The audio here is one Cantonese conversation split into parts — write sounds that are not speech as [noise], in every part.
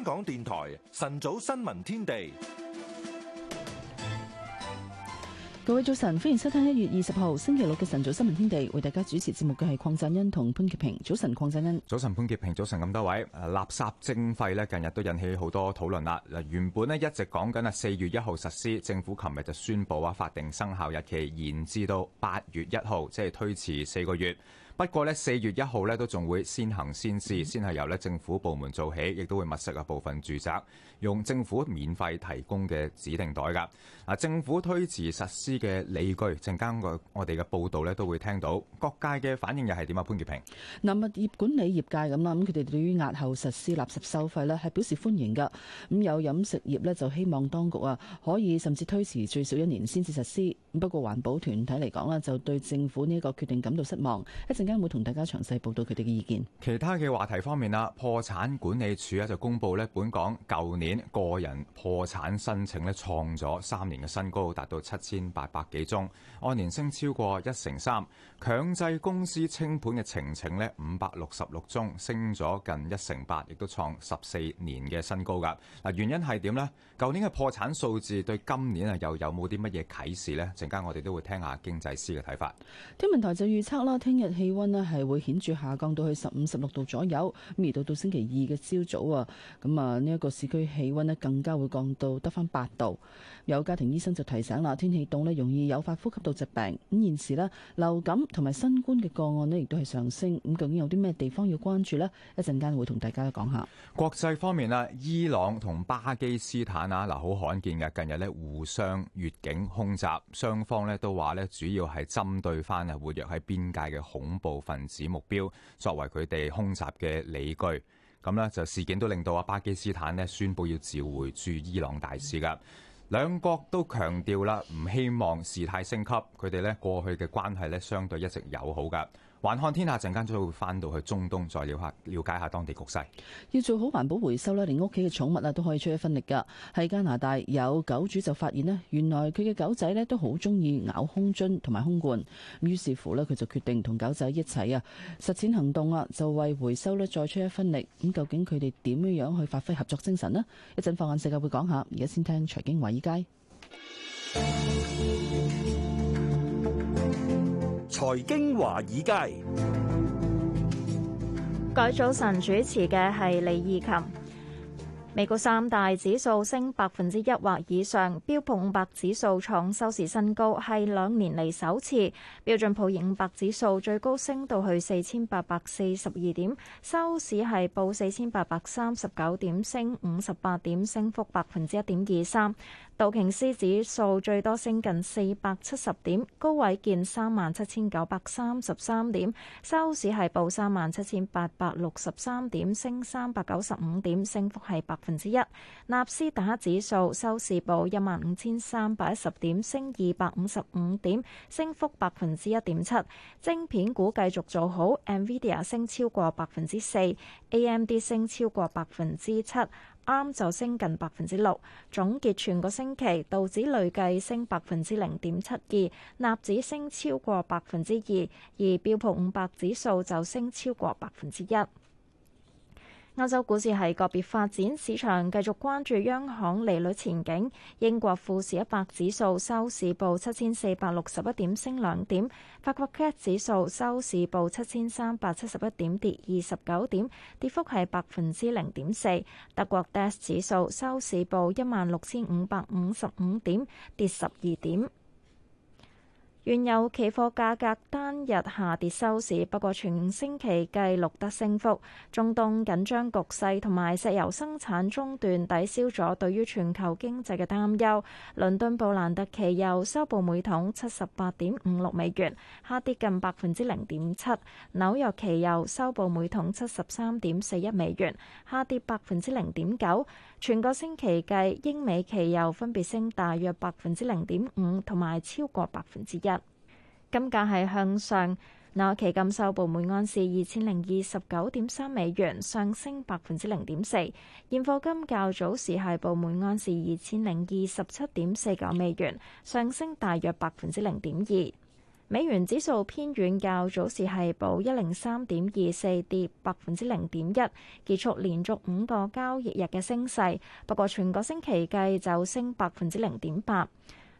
香港電台晨早新聞天地，各位早晨，歡迎收聽一月二十號星期六嘅晨早新聞天地，為大家主持節目嘅係鄺振恩同潘潔平。早晨，鄺振恩，早晨，潘潔平，早晨，咁多位。垃圾徵費呢，近日都引起好多討論啦。嗱，原本呢，一直講緊啊四月一號實施，政府琴日就宣布話法定生效日期延至到八月一號，即係推遲四個月。不過咧，四月一號咧都仲會先行先試，先係由咧政府部門做起，亦都會密實嘅部分住宅用政府免費提供嘅指定袋㗎。嗱，政府推遲實施嘅理據，陣間個我哋嘅報導咧都會聽到。各界嘅反應又係點啊？潘潔平，物業管理業界咁啦，佢哋對於押後實施垃圾收費咧係表示歡迎㗎。咁有飲食業咧就希望當局啊可以甚至推遲最少一年先至實施。不過環保團體嚟講啦，就對政府呢一個決定感到失望。一陣而家會同大家詳細報道佢哋嘅意見。其他嘅話題方面啊，破產管理處咧就公佈咧，本港舊年個人破產申請咧創咗三年嘅新高，達到七千八百幾宗，按年升超過一成三。強制公司清盤嘅情情呢，五百六十六宗，升咗近一成八，亦都創十四年嘅新高㗎。嗱，原因係點呢？舊年嘅破產數字對今年啊又有冇啲乜嘢啟示呢？陣間我哋都會聽下經濟師嘅睇法。天文台就預測啦，聽日氣温咧係會顯著下降到去十五、十六度左右。咁而到到星期二嘅朝早啊，咁啊呢一個市區氣温咧更加會降到得返八度。有家庭醫生就提醒啦，天氣凍咧，容易誘發呼吸道疾病。咁現時呢，流感同埋新冠嘅個案呢亦都係上升。咁究竟有啲咩地方要關注呢？一陣間會同大家講下國際方面啊，伊朗同巴基斯坦啊，嗱，好罕見嘅近日呢，互相越境空襲，雙方呢都話呢主要係針對翻啊活躍喺邊界嘅恐怖分子目標，作為佢哋空襲嘅理據。咁呢，就事件都令到啊巴基斯坦呢宣布要召回駐伊朗大使噶。兩國都強調啦，唔希望事態升級。佢哋咧，過去嘅關係咧，相對一直友好㗎。環看天下，陣間就會返到去中東，再了下瞭解下當地局勢。要做好環保回收咧，連屋企嘅寵物啊都可以出一分力㗎。喺加拿大有狗主就發現咧，原來佢嘅狗仔咧都好中意咬空樽同埋空罐。咁於是乎咧，佢就決定同狗仔一齊啊，實踐行動啊，就為回收率再出一分力。咁究竟佢哋點樣樣去發揮合作精神咧？一陣放眼世界會講下。而家先聽財經華爾街。 [music] 財經華爾街，改早晨主持嘅係李義琴。美國三大指數升百分之一或以上，標普五百指數創收市新高，係兩年嚟首次。標準普五百指數最高升到去四千八百四十二點，收市係報四千八百三十九點，升五十八點，升幅百分之一點二三。道瓊斯指數最多升近四百七十點，高位見三萬七千九百三十三點，收市係報三萬七千八百六十三點，升三百九十五點，升幅係百百分之一，納斯達克指數收市報一萬五千三百一十點，升二百五十五點，升幅百分之一點七。晶片股繼續做好，NVIDIA 升超過百分之四，AMD 升超過百分之七，ARM 就升近百分之六。總結全個星期，道指累計升百分之零點七二，納指升超過百分之二，而標普五百指數就升超過百分之一。歐洲股市係個別發展，市場繼續關注央行利率前景。英國富時一百指數收市報七千四百六十一點，升兩點。法國 CAC 指數收市報七千三百七十一點，跌二十九點，跌幅係百分之零點四。德國 DAX 指數收市報一萬六千五百五十五點，跌十二點。原油期貨價格單日下跌收市，不過全星期計錄得升幅。中東緊張局勢同埋石油生產中斷抵消咗對於全球經濟嘅擔憂。倫敦布蘭特期油收報每桶七十八點五六美元，下跌近百分之零點七。紐約期油收報每桶七十三點四一美元，下跌百分之零點九。全個星期計，英美期油分別升大約百分之零點五，同埋超過百分之一。金價係向上，紐期金收報每盎司二千零二十九點三美元，上升百分之零點四。現貨金較早時係報每盎司二千零二十七點四九美元，上升大約百分之零點二。美元指數偏軟，較早時係報一零三點二四，跌百分之零點一，結束連續五個交易日嘅升勢。不過，全個星期計就升百分之零點八。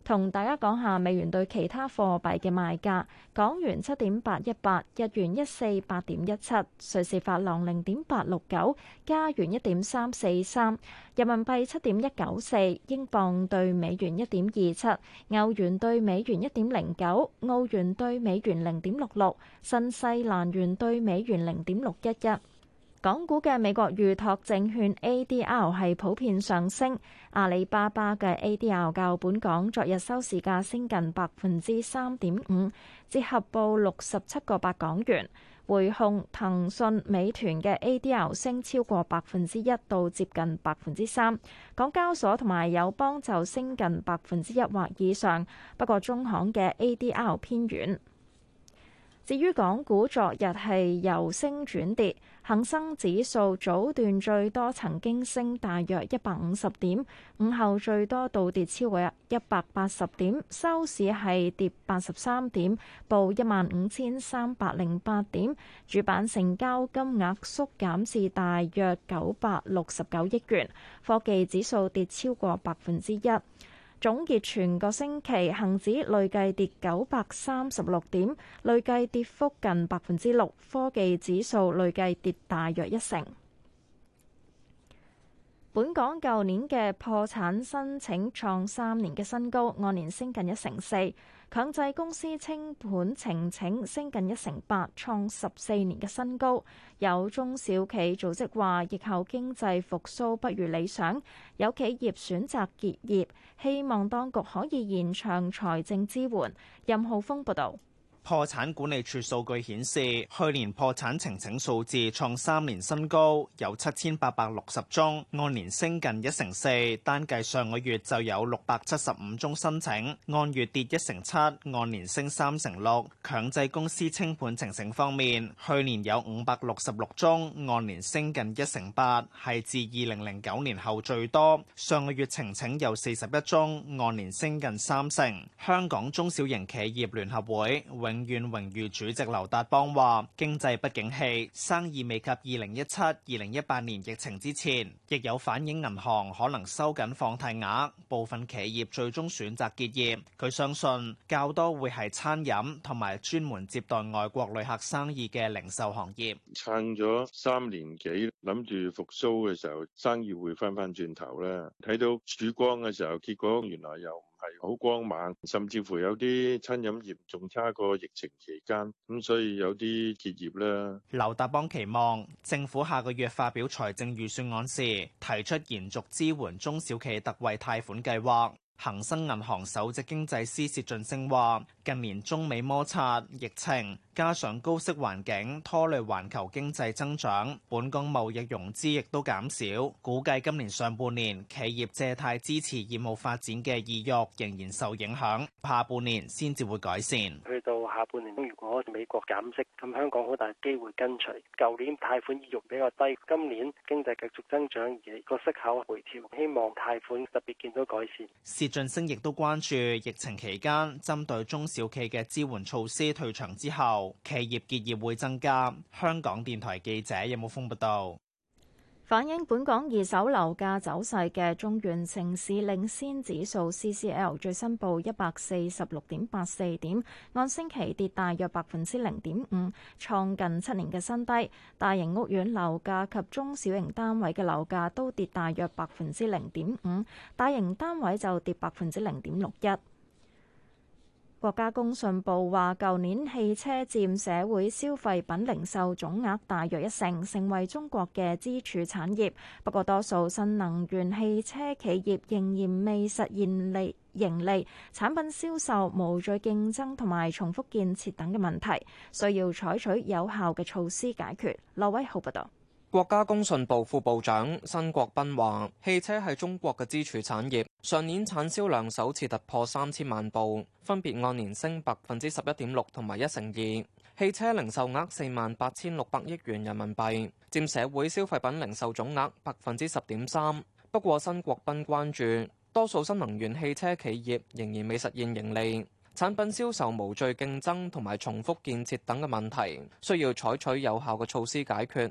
同大家講下美元對其他貨幣嘅賣價：港元七點八一八，日元一四八點一七，瑞士法郎零點八六九，加元一點三四三，人民幣七點一九四，英鎊對美元一點二七，歐元對美元一點零九，澳元對美元零點六六，新西蘭元對美元零點六一一。港股嘅美國預託證券 ADR 係普遍上升，阿里巴巴嘅 ADR 較本港昨日收市價升近百分之三點五，折合報六十七個八港元。匯控、騰訊、美團嘅 ADR 升超過百分之一到接近百分之三。港交所同埋友邦就升近百分之一或以上，不過中行嘅 ADR 偏軟。至於港股昨日係由升轉跌，恒生指數早段最多曾經升大約一百五十點，午後最多倒跌超過一百八十點，收市係跌八十三點，報一萬五千三百零八點，主板成交金額縮減至大約九百六十九億元，科技指數跌超過百分之一。總結全個星期，恒指累計跌九百三十六點，累計跌幅近百分之六。科技指數累計跌大約一成。本港舊年嘅破產申請創三年嘅新高，按年升近一成四。強制公司清盤呈請升近一成八，創十四年嘅新高。有中小企組織話，疫後經濟復甦不如理想，有企業選擇結業，希望當局可以延長財政支援。任浩峰報導。破產管理處數據顯示，去年破產呈請數字創三年新高，有七千八百六十宗，按年升近一成四。單計上個月就有六百七十五宗申請，按月跌一成七，按年升三成六。強制公司清盤呈請方面，去年有五百六十六宗，按年升近一成八，係自二零零九年後最多。上個月呈請有四十一宗，按年升近三成。香港中小型企業聯合會永遠榮譽主席劉達邦話：經濟不景氣，生意未及二零一七二零一八年疫情之前，亦有反映銀行可能收緊放貸額，部分企業最終選擇結業。佢相信較多會係餐飲同埋專門接待外國旅客生意嘅零售行業，撐咗三年幾，諗住復蘇嘅時候生意會翻翻轉頭咧，睇到曙光嘅時候，結果原來又係好光猛，甚至乎有啲餐飲業仲差過疫情期間，咁所以有啲結業啦。劉達邦期望政府下個月發表財政預算案時，提出延續支援中小企特惠貸款計劃。恒生銀行首席經濟師薛俊升話。近年中美摩擦、疫情，加上高息環境拖累環球經濟增長，本港貿易融資亦都減少。估計今年上半年企業借貸支持業務發展嘅意欲仍然受影響，下半年先至會改善。去到下半年，如果美國減息，咁香港好大機會跟隨。舊年貸款意欲比較低，今年經濟繼續增長，而個息口回調，希望貸款特別見到改善。薛俊升亦都關注疫情期間針對中小料企嘅支援措施退場之後企業結業會增加。香港電台記者任武峰報道，反映本港二手樓價走勢嘅中原城市領先指數 CCL 最新報一百四十六點八四點按星期跌大約百分之零點五，創近七年嘅新低。大型屋苑樓價及中小型單位嘅樓價都跌大約百分之零點五，大型單位就跌百分之零點六一。國家工信部話，舊年汽車佔社會消費品零售總額大約一成，成為中國嘅支柱產業。不過，多數新能源汽車企業仍然未實現盈利盈利，產品銷售無序競爭同埋重複建設等嘅問題，需要採取有效嘅措施解決。羅偉豪報道。國家工信部副部長辛國斌話，汽車係中國嘅支柱產業，上年產銷量首次突破三千萬部，分別按年升百分之十一點六同埋一成二。汽車零售額四萬八千六百億元人民幣，佔社會消費品零售總額百分之十點三。不過，辛國斌關注多數新能源汽車企業仍然未實現盈利，產品銷售無序競爭同埋重複建設等嘅問題，需要採取有效嘅措施解決。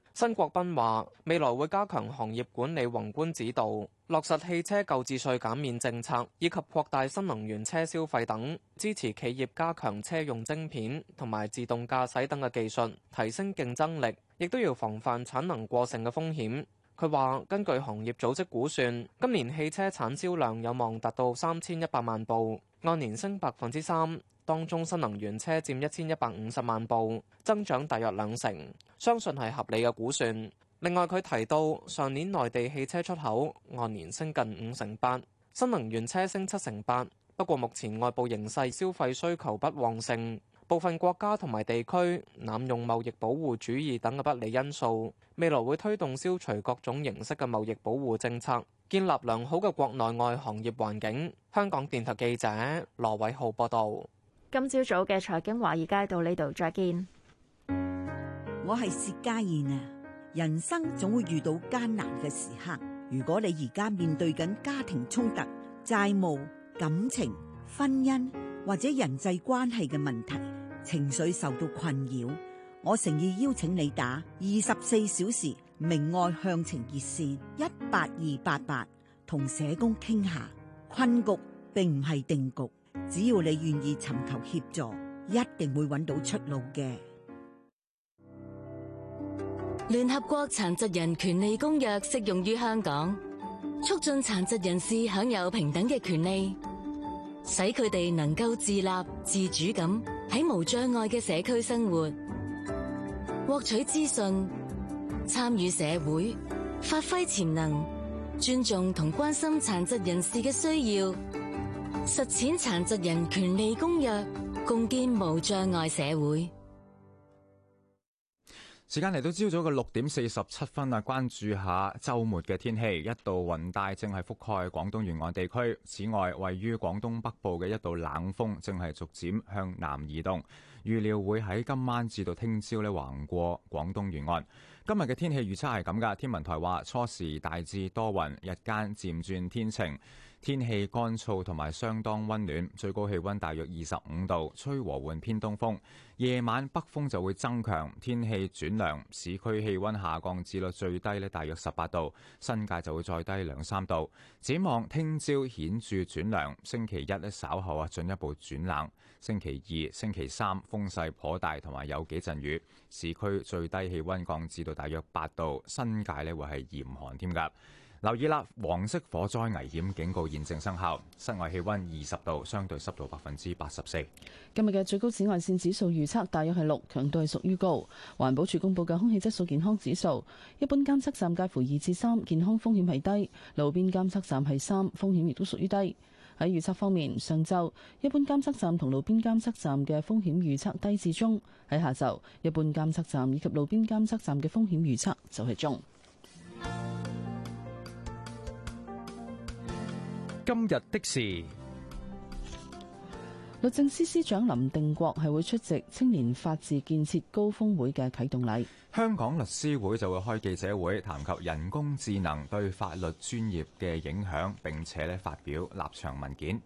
新國斌話，未來會加強行業管理、宏觀指導，落實汽車購置稅減免政策以及擴大新能源車消費等，支持企業加強車用晶片同埋自動駕駛等嘅技術，提升競爭力。亦都要防範產能過剩嘅風險。佢話，根據行業組織估算，今年汽車產銷量有望達到三千一百萬部。按年升百分之三，當中新能源車佔一千一百五十萬部，增長大約兩成，相信係合理嘅估算。另外，佢提到，上年內地汽車出口按年升近五成八，新能源車升七成八。不過目前外部形勢，消費需求不旺盛。部分國家同埋地區濫用貿易保護主義等嘅不利因素，未來會推動消除各種形式嘅貿易保護政策，建立良好嘅國內外行業環境。香港電台記者羅偉浩報道。今朝早嘅財經華爾街到呢度，再見。我係薛家燕啊！人生總會遇到艱難嘅時刻，如果你而家面對緊家庭衝突、債務、感情、婚姻或者人際關係嘅問題，情緒受到困擾，我誠意邀請你打二十四小時明愛向晴熱線一八二八八，同社工傾下。困局並唔係定局，只要你願意尋求協助，一定會揾到出路嘅。聯合國殘疾人權利公約適用於香港，促進殘疾人士享有平等嘅權利。使佢哋能夠自立自主咁喺無障礙嘅社區生活，獲取資訊、參與社會、發揮潛能、尊重同關心殘疾人士嘅需要，實踐《殘疾人權利公約》，共建無障礙社會。時間嚟到朝早嘅六點四十七分啊，關注下周末嘅天氣。一道雲帶正係覆蓋廣東沿岸地區。此外，位於廣東北部嘅一道冷鋒正係逐漸向南移動，預料會喺今晚至到聽朝咧橫過廣東沿岸。今日嘅天氣預測係咁噶，天文台話初時大致多雲，日間漸轉天晴，天氣乾燥同埋相當温暖，最高氣溫大約二十五度，吹和緩偏東風。夜晚北風就會增強，天氣轉涼，市區氣溫下降至率最低呢大約十八度，新界就會再低兩三度。展望聽朝顯著轉涼，星期一呢稍後啊進一步轉冷，星期二、星期三風勢頗大，同埋有幾陣雨，市區最低氣溫降至到大約八度，新界呢會係嚴寒添㗎。留意啦，黃色火災危險警告現正生效。室外氣溫二十度，相對濕度百分之八十四。今日嘅最高紫外綫指數預測大約係六，強度係屬於高。環保署公布嘅空氣質素健康指數，一般監測站介乎二至三，健康風險係低。路邊監測站係三，風險亦都屬於低。喺預測方面，上晝一般監測站同路邊監測站嘅風險預測低至中。喺下晝，一般監測站以及路邊監測站嘅風險預測就係中。今日的事，律政司司長林定國係會出席青年法治建設高峰會嘅啟動禮。香港律師會就會開記者會，談及人工智能對法律專業嘅影響，並且咧發表立場文件。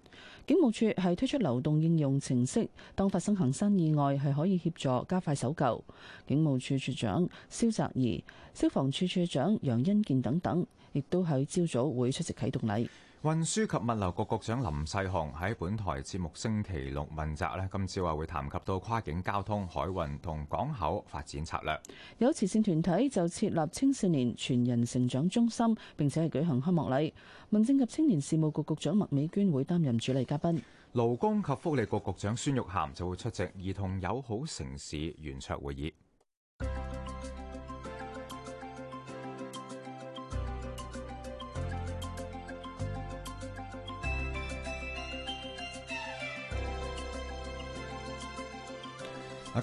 警務處係推出流動應用程式，當發生行山意外係可以協助加快搜救。警務處處長蕭澤頤、消防處處長楊恩健等等，亦都喺朝早會出席啟動禮。運輸及物流局局長林世雄喺本台節目星期六問責咧，今朝話會談及到跨境交通、海運同港口發展策略。有慈善團體就設立青少年全人成長中心，並且係舉行開幕禮。民政及青年事務局局長麥美娟會擔任主禮嘉賓。勞工及福利局局長孫玉菡就會出席兒童友好城市圓桌會議。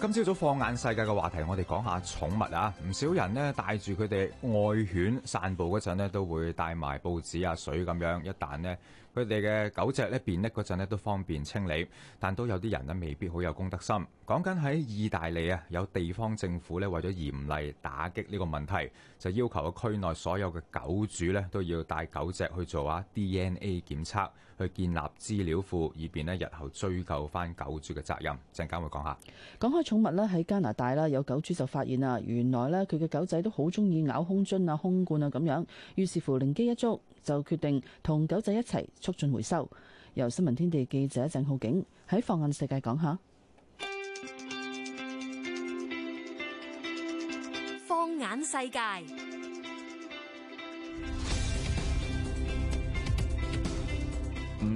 今朝早放眼世界嘅話題，我哋講下寵物啊！唔少人咧帶住佢哋愛犬散步嗰陣都會帶埋報紙啊、水咁樣。一旦呢，佢哋嘅狗隻呢便溺嗰陣都方便清理，但都有啲人咧未必好有公德心。講緊喺意大利啊，有地方政府咧為咗嚴厲打擊呢個問題，就要求個區內所有嘅狗主咧都要帶狗隻去做下 DNA 檢測。去建立資料庫，以便咧日後追究翻狗主嘅責任。陣間會講下。講開寵物咧，喺加拿大啦，有狗主就發現啊，原來咧佢嘅狗仔都好中意咬空樽啊、空罐啊咁樣，於是乎靈機一觸，就決定同狗仔一齊促進回收。由新聞天地記者鄭浩景喺放眼世界講下。放眼世界。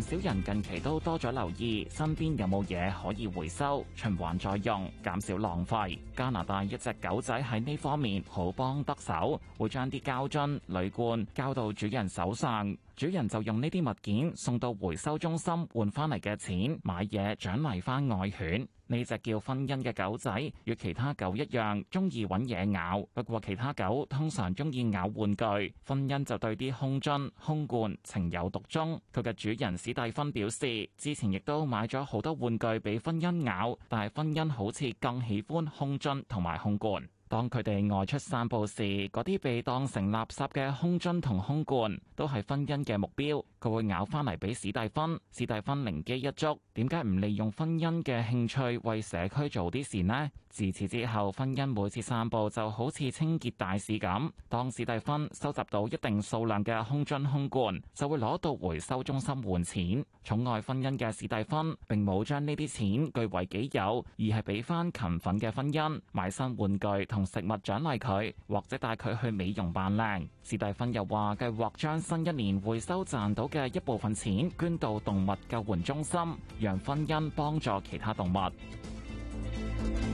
少人近期都多咗留意，身邊有冇嘢可以回收、循環再用，減少浪費。加拿大一隻狗仔喺呢方面好幫得手，會將啲膠樽、鋁罐交到主人手上，主人就用呢啲物件送到回收中心換翻嚟嘅錢買嘢，獎勵翻愛犬。呢隻叫婚姻嘅狗仔，與其他狗一樣，中意揾嘢咬。不過其他狗通常中意咬玩具，婚姻就對啲空樽、空罐情有獨鍾。佢嘅主人史蒂芬表示，之前亦都買咗好多玩具俾婚姻咬，但係婚姻好似更喜歡空樽同埋空罐。當佢哋外出散步時，嗰啲被當成垃圾嘅空樽同空罐都係婚姻嘅目標。佢會咬翻嚟俾史蒂芬。史蒂芬靈機一觸，點解唔利用婚姻嘅興趣為社區做啲事呢？自此之後，婚姻每次散步就好似清潔大使咁。當史蒂芬收集到一定數量嘅空樽、空罐，就會攞到回收中心換錢。寵愛婚姻嘅史蒂芬並冇將呢啲錢據為己有，而係俾翻勤奮嘅婚姻買新玩具同食物獎勵佢，或者帶佢去美容扮靚。史蒂芬又話計劃將新一年回收賺到嘅一部分錢捐到動物救援中心，讓婚姻幫助其他動物。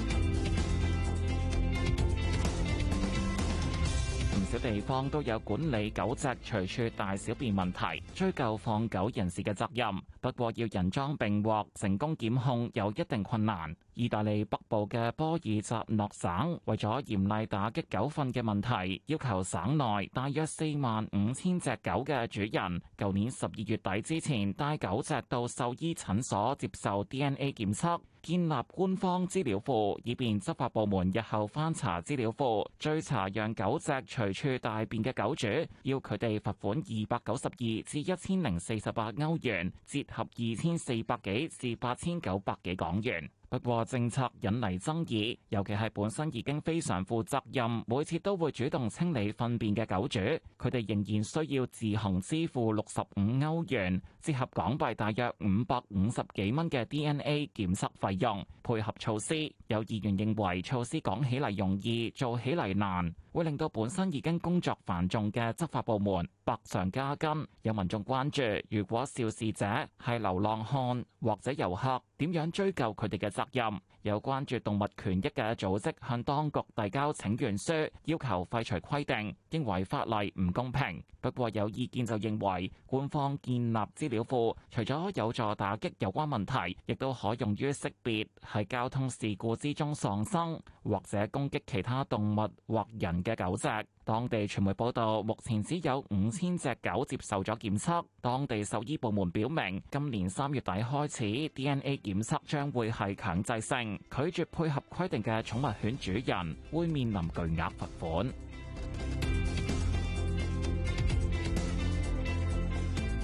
小地方都有管理狗隻隨處大小便問題，追究放狗人士嘅責任。不過要人贓並獲成功檢控有一定困難。意大利北部嘅波爾扎諾省為咗嚴厲打擊狗糞嘅問題，要求省內大約四萬五千隻狗嘅主人，舊年十二月底之前帶狗隻到獸醫診所接受 DNA 檢測，建立官方資料庫，以便執法部門日後翻查資料庫追查讓狗隻隨處大便嘅狗主，要佢哋罰款二百九十二至一千零四十八歐元，折合二千四百幾至八千九百幾港元。不過政策引嚟爭議，尤其係本身已經非常負責任，每次都會主動清理糞便嘅狗主，佢哋仍然需要自行支付六十五歐元，折合港幣大約五百五十幾蚊嘅 DNA 檢測費用，配合措施，有議員認為措施講起嚟容易，做起嚟難，會令到本身已經工作繁重嘅執法部門百上加斤。有民眾關注，如果肇事者係流浪漢或者遊客，點樣追究佢哋嘅責任？有關注動物權益嘅組織向當局遞交請願書，要求廢除規定，認為法例唔公平。不過有意見就認為，官方建立資尿庫除咗有助打擊有關問題，亦都可用於識別喺交通事故之中喪生，或者攻擊其他動物或人嘅狗隻。當地傳媒報道，目前只有五千隻狗接受咗檢測。當地獸醫部門表明，今年三月底開始，DNA 檢測將會係強制性，拒絕配合規定嘅寵物犬主人會面臨巨額罰款。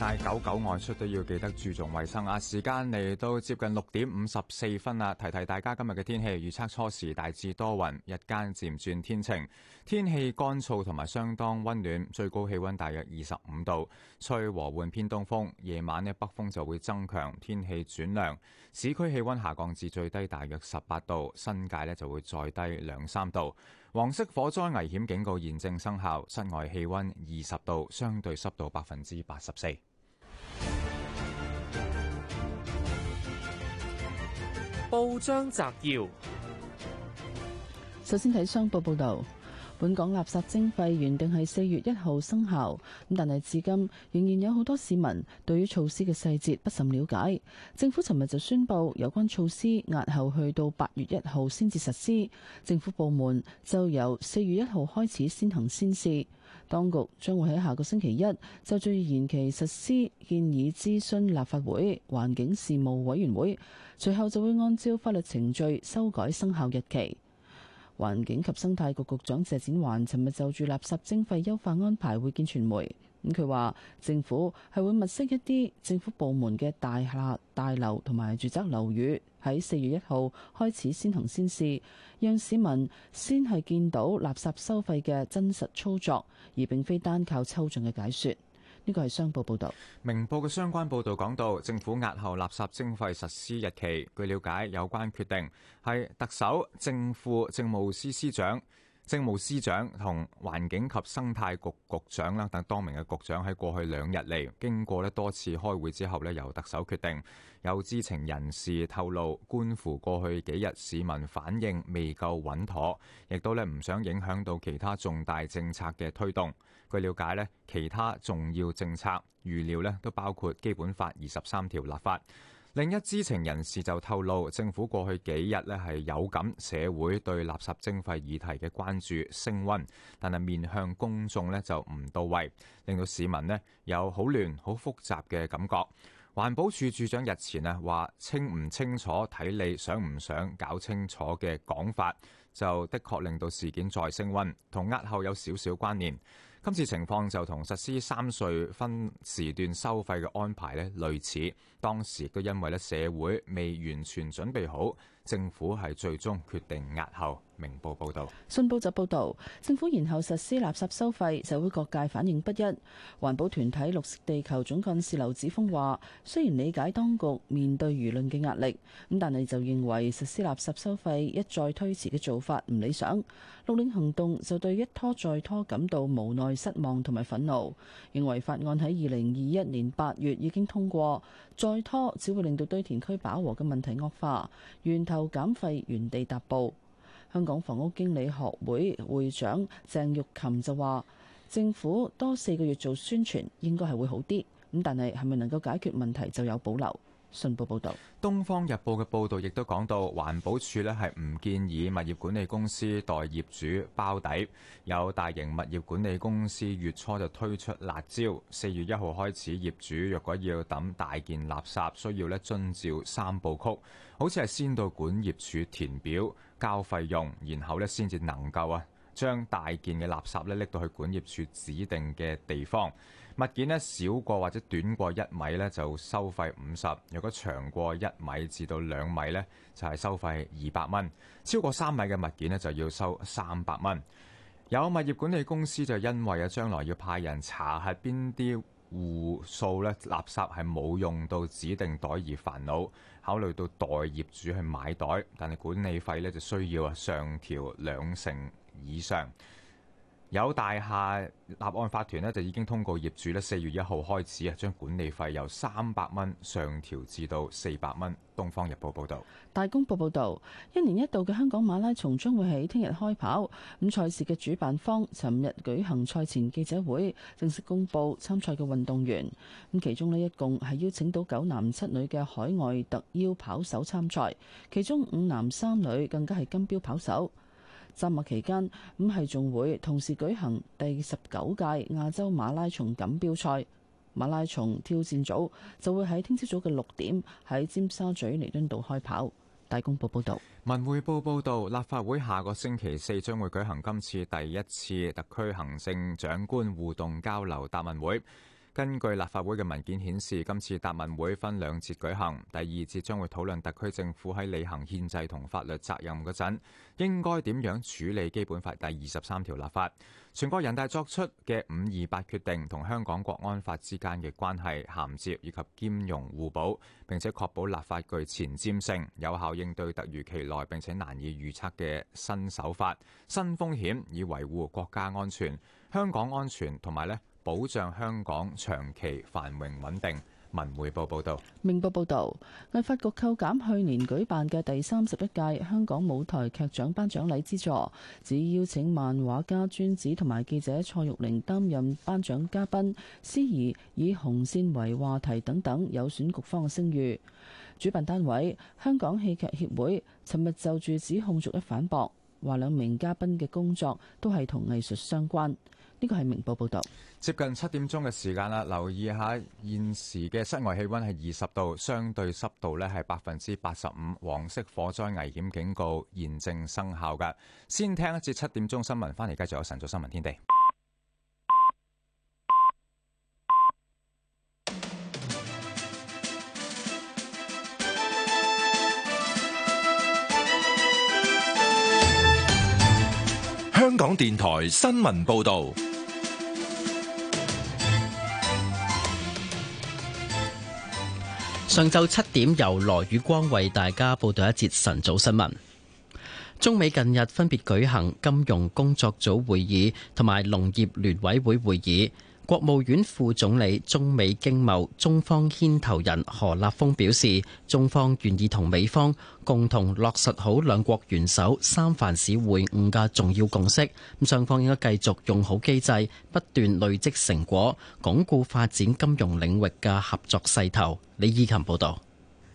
帶狗狗外出都要記得注重衛生啊！時間嚟到接近六點五十四分啦，提提大家今日嘅天氣預測：初時大致多雲，日間漸轉天晴，天氣乾燥同埋相當温暖，最高氣温大約二十五度，吹和緩偏東風。夜晚呢北風就會增強，天氣轉涼，市區氣温下降至最低大約十八度，新界呢就會再低兩三度。黃色火災危險警告現正生效，室外氣温二十度，相對濕度百分之八十四。報章摘要：首先睇商報報道，本港垃圾徵費原定係四月一號生效，咁但係至今仍然有好多市民對於措施嘅細節不甚了解。政府尋日就宣布，有關措施押後去到八月一號先至實施，政府部門就由四月一號開始先行先試。當局將會喺下個星期一就住延期實施建議諮詢立法會環境事務委員會，隨後就會按照法律程序修改生效日期。環境及生態局局長謝展環尋日就住垃圾徵費優化安排會見傳媒，咁佢話政府係會物色一啲政府部門嘅大廈大樓同埋住宅樓宇。喺四月一號開始先行先試，讓市民先係見到垃圾收費嘅真實操作，而並非單靠抽象嘅解說。呢個係商報報道。明報嘅相關報道講到，政府押後垃圾徵費實施日期。據了解，有關決定係特首政府、政務司司長。政務司長同環境及生態局局長啦，等多名嘅局長喺過去兩日嚟，經過咧多次開會之後咧，由特首決定。有知情人士透露，關乎過去幾日市民反應未夠穩妥，亦都咧唔想影響到其他重大政策嘅推動。據了解咧，其他重要政策預料咧都包括《基本法》二十三條立法。另一知情人士就透露，政府過去幾日呢，係有感社會對垃圾徵費議題嘅關注升溫，但係面向公眾呢，就唔到位，令到市民呢有好亂好複雜嘅感覺。環保署署長日前咧話，清唔清楚睇你想唔想搞清楚嘅講法，就的確令到事件再升溫，同押後有少少關聯。今次情況就同實施三隧分時段收費嘅安排呢類似。當時都因為咧社會未完全準備好，政府係最終決定押後。明報報導，信報就報導，政府然後實施垃圾收費，社會各界反應不一。環保團體綠色地球總幹事劉子峰話：雖然理解當局面對輿論嘅壓力，咁但係就認為實施垃圾收費一再推遲嘅做法唔理想。綠領行動就對一拖再拖感到無奈、失望同埋憤怒，認為法案喺二零二一年八月已經通過。再拖只會令到堆填區飽和嘅問題惡化，源頭減廢，原地踏步。香港房屋經理學會會長鄭玉琴就話，政府多四個月做宣傳，應該係會好啲咁，但係係咪能夠解決問題就有保留。信報報導，《東方日報》嘅報導亦都講到，環保署咧係唔建議物業管理公司代業主包底。有大型物業管理公司月初就推出辣招，四月一號開始，業主若果要抌大件垃圾，需要咧遵照三部曲，好似係先到管業處填表、交費用，然後咧先至能夠啊將大件嘅垃圾咧拎到去管業處指定嘅地方。物件呢少過或者短過一米呢，就收費五十；如果長過一米至到兩米呢，就係收費二百蚊；超過三米嘅物件呢，就要收三百蚊。有物業管理公司就因為啊，將來要派人查下邊啲戶數呢，垃圾係冇用到指定袋而煩惱，考慮到代業主去買袋，但係管理費呢就需要啊上調兩成以上。有大廈立案法團呢，就已經通過業主咧，四月一號開始啊，將管理費由三百蚊上調至到四百蚊。《東方日報》報導。大公報報導，一年一度嘅香港馬拉松將會喺聽日開跑。咁賽事嘅主辦方尋日舉行賽前記者會，正式公布參賽嘅運動員。咁其中呢，一共係邀請到九男七女嘅海外特邀跑手參賽，其中五男三女更加係金標跑手。周末期間，五係仲會同時舉行第十九屆亞洲馬拉松錦標賽。馬拉松挑戰組就會喺聽朝早嘅六點喺尖沙咀彌敦道開跑。大公報報道，文匯報報道，立法會下個星期四將會舉行今次第一次特區行政長官互動交流答問會。根據立法會嘅文件顯示，今次答問會分兩節舉行。第二節將會討論特區政府喺履行憲制同法律責任嗰陣，應該點樣處理《基本法》第二十三條立法、全國人大作出嘅《五二八決定》同香港國安法之間嘅關係、銜接以及兼容互補，並且確保立法具前瞻性，有效應對突如其來並且難以預測嘅新手法、新風險，以維護國家安全、香港安全同埋呢，保障香港長期繁榮穩定。文匯報報道：明報報道，藝發局扣減去年舉辦嘅第三十一屆香港舞台劇獎頒獎禮資助，只邀請漫畫家專子同埋記者蔡玉玲擔任頒獎嘉賓，司儀以，以紅線為話題等等，有損局方嘅聲譽。主辦單位香港戲劇協會尋日就住指控逐一反駁，話兩名嘉賓嘅工作都係同藝術相關。呢個係明報報道，接近七點鐘嘅時間啦，留意下現時嘅室外氣溫係二十度，相對濕度呢係百分之八十五，黃色火災危險警告現正生效㗎。先聽一節七點鐘新聞，翻嚟繼續有晨早新聞天地。香港電台新聞報道。上晝七點，由羅宇光為大家報道一節晨早新聞。中美近日分別舉行金融工作組會議同埋農業聯委會會議。國務院副總理、中美經貿中方牽頭人何立峰表示，中方願意同美方共同落實好兩國元首三藩市會晤嘅重要共識，咁雙方應該繼續用好機制，不斷累積成果，鞏固發展金融領域嘅合作勢頭。李依琴報道。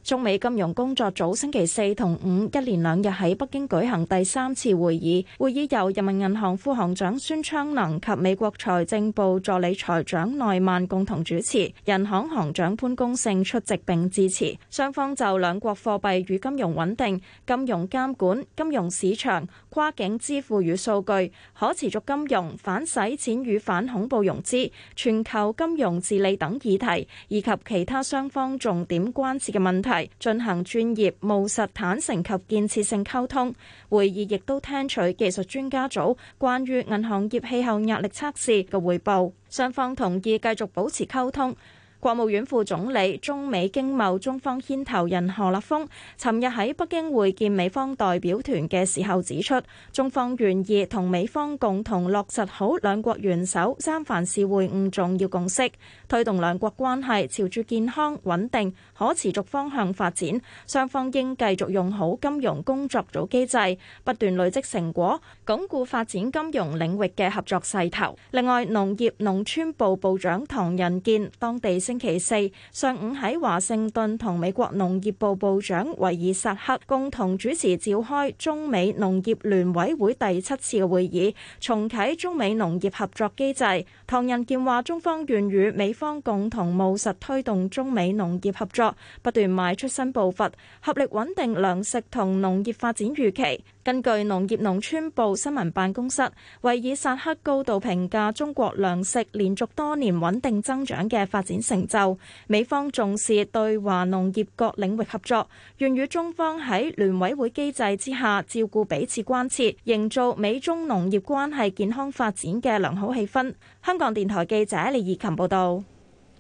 中美金融工作組星期四同五一連兩日喺北京舉行第三次會議，會議由人民銀行副行長孫昌能及美國財政部助理財長奈曼共同主持，人行行長潘功勝出席並致辭。雙方就兩國貨幣與金融穩定、金融監管、金融市場、跨境支付與數據、可持續金融、反洗錢與反恐怖融資、全球金融治理等議題，以及其他雙方重點關切嘅問題，進行專業、務實、坦誠及建設性溝通。會議亦都聽取技術專家組關於銀行業氣候壓力測試嘅匯報。雙方同意繼續保持溝通。國務院副總理、中美經貿中方牽頭人何立峰尋日喺北京會見美方代表團嘅時候指出，中方願意同美方共同落實好兩國元首三藩市會晤重要共識，推動兩國關係朝住健康、穩定、可持續方向發展。雙方應繼續用好金融工作組機制，不斷累積成果，鞏固發展金融領域嘅合作勢頭。另外，農業農村部部長唐仁健當地星期四上午喺華盛頓同美國農業部部長維爾薩克共同主持召開中美農業聯委會第七次嘅會議，重啟中美農業合作機制。唐仁健話：中方願與美方共同務實推動中美農業合作，不斷邁出新步伐，合力穩定糧食同農業發展預期。根據農業農村部新聞辦公室，維爾薩克高度評價中國糧食連續多年穩定增長嘅發展成就，美方重視對華農業各領域合作，願與中方喺聯委會機制之下照顧彼此關切，營造美中農業關係健康發展嘅良好氣氛。香港電台記者李義琴報道：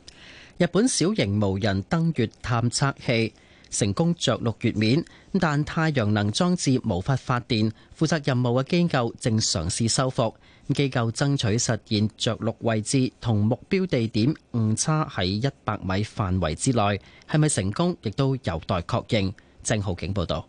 「日本小型無人登月探測器成功着陸月面，但太陽能裝置無法發電，負責任務嘅機構正嘗試修復，機構爭取實現着陸位置同目標地點誤差喺一百米範圍之內，係咪成功亦都有待確認，鄭浩景報道。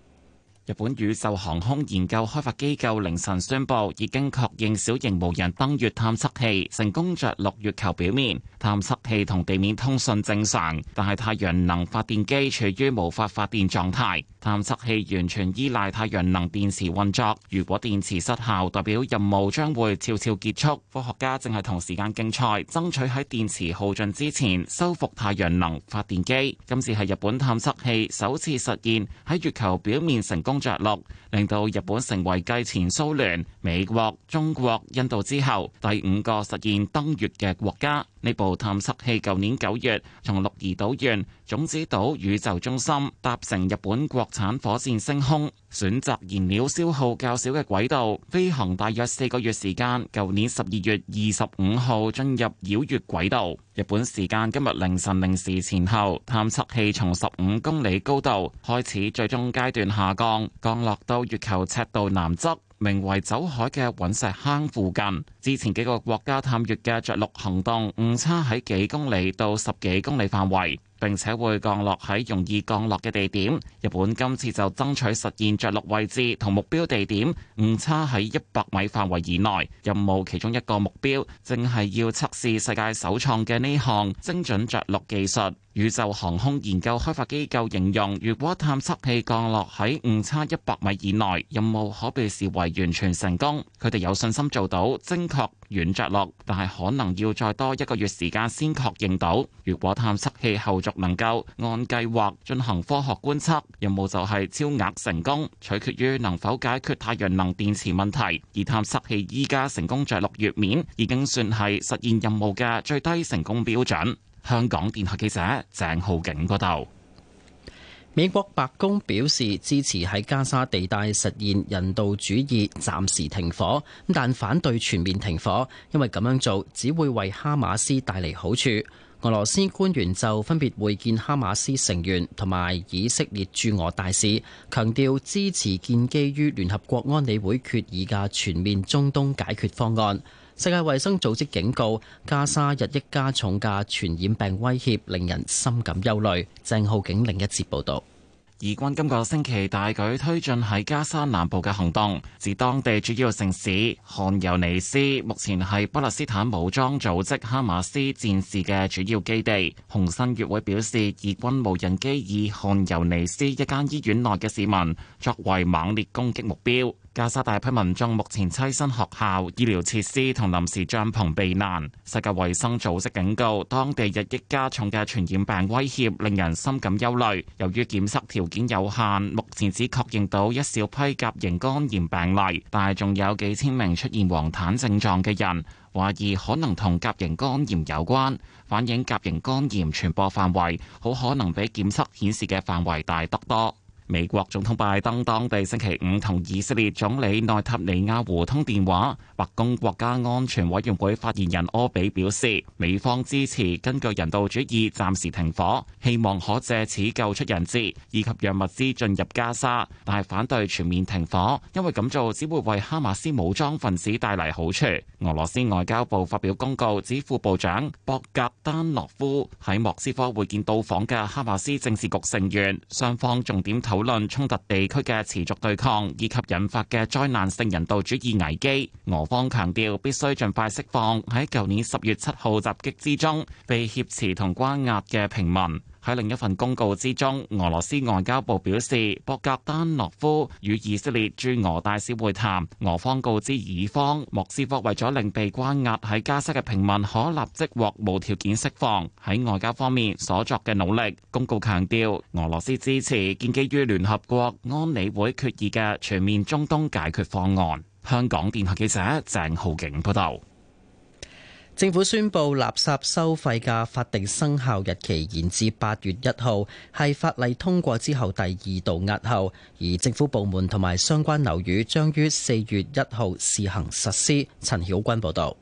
日本宇宙航空研究開發機構凌晨宣布，已經確認小型無人登月探測器成功着陸月球表面，探測器同地面通訊正常，但係太陽能發電機處於無法發電狀態。探測器完全依賴太陽能電池運作，如果電池失效，代表任務將會悄悄結束。科學家正係同時間競賽，爭取喺電池耗盡之前修復太陽能發電機。今次係日本探測器首次實現喺月球表面成功着陸，令到日本成為繼前蘇聯、美國、中國、印度之後第五個實現登月嘅國家。呢部探測器舊年九月從鹿兒島縣種子島宇宙中心搭乘日本國產火箭升空，選擇燃料消耗較少嘅軌道飛行，大約四個月時間，舊年十二月二十五號進入繞月軌道。日本時間今日凌晨零時前後探測器從十五公里高度開始，最終階段下降，降落到月球赤道南側。名為“走海”嘅隕石坑附近，之前幾個國家探月嘅着陸行動誤差喺幾公里到十幾公里範圍，並且會降落喺容易降落嘅地點。日本今次就爭取實現着陸位置同目標地點誤差喺一百米範圍以內。任務其中一個目標正係要測試世界首創嘅呢項精準着陸技術。宇宙航空研究開發機構形容，如果探測器降落喺誤差一百米以內，任務可被視為完全成功。佢哋有信心做到精確軟着陸，但係可能要再多一個月時間先確認到。如果探測器後續能夠按計劃進行科學觀測，任務就係超額成功。取決於能否解決太陽能電池問題，而探測器依家成功着陸月面，已經算係實現任務嘅最低成功標準。香港電台記者鄭浩景報道，美國白宮表示支持喺加沙地帶實現人道主義暫時停火，但反對全面停火，因為咁樣做只會為哈馬斯帶嚟好處。俄羅斯官員就分別會見哈馬斯成員同埋以色列駐俄大使，強調支持建基於聯合國安理會決議嘅全面中東解決方案。世界衛生組織警告加沙日益加重嘅傳染病威脅，令人深感憂慮。鄭浩景另一節報導。以軍今個星期大舉推進喺加沙南部嘅行動，指當地主要城市汗尤尼斯目前係巴勒斯坦武裝組織哈馬斯戰士嘅主要基地。紅新月會表示，以軍無人機以汗尤尼斯一間醫院內嘅市民作為猛烈攻擊目標。加沙大批民眾目前棲身學校、醫療設施同臨時帳篷避難。世界衛生組織警告，當地日益加重嘅傳染病威脅令人深感憂慮。由於檢測條件有限，目前只確認到一小批甲型肝炎病例，但係仲有幾千名出現黃疸症狀嘅人，懷疑可能同甲型肝炎有關，反映甲型肝炎傳播範圍好可能比檢測顯示嘅範圍大得多。美國總統拜登當地星期五同以色列總理內塔尼亞胡通電話。白宮國家安全委員會發言人柯比表示，美方支持根據人道主義暫時停火，希望可借此救出人質以及讓物資進入加沙，但係反對全面停火，因為咁做只會為哈馬斯武裝分子帶嚟好處。俄羅斯外交部發表公告，指副部長博格丹諾夫喺莫斯科會見到訪嘅哈馬斯政治局成員，雙方重點討論衝突地區嘅持續對抗以及引發嘅災難性人道主義危機。俄方強調必須盡快釋放喺舊年十月七號襲擊之中被挾持同關押嘅平民。喺另一份公告之中，俄羅斯外交部表示，博格丹諾夫與以色列駐俄大使會談，俄方告知以方，莫斯科為咗令被關押喺加沙嘅平民可立即獲無條件釋放，喺外交方面所作嘅努力。公告強調，俄羅斯支持建基於聯合國安理會決議嘅全面中東解決方案。香港電台記者鄭浩景報道，政府宣布垃圾收費嘅法定生效日期延至八月一號，係法例通過之後第二度押後，而政府部門同埋相關樓宇將於四月一號試行實施。陳曉君報道。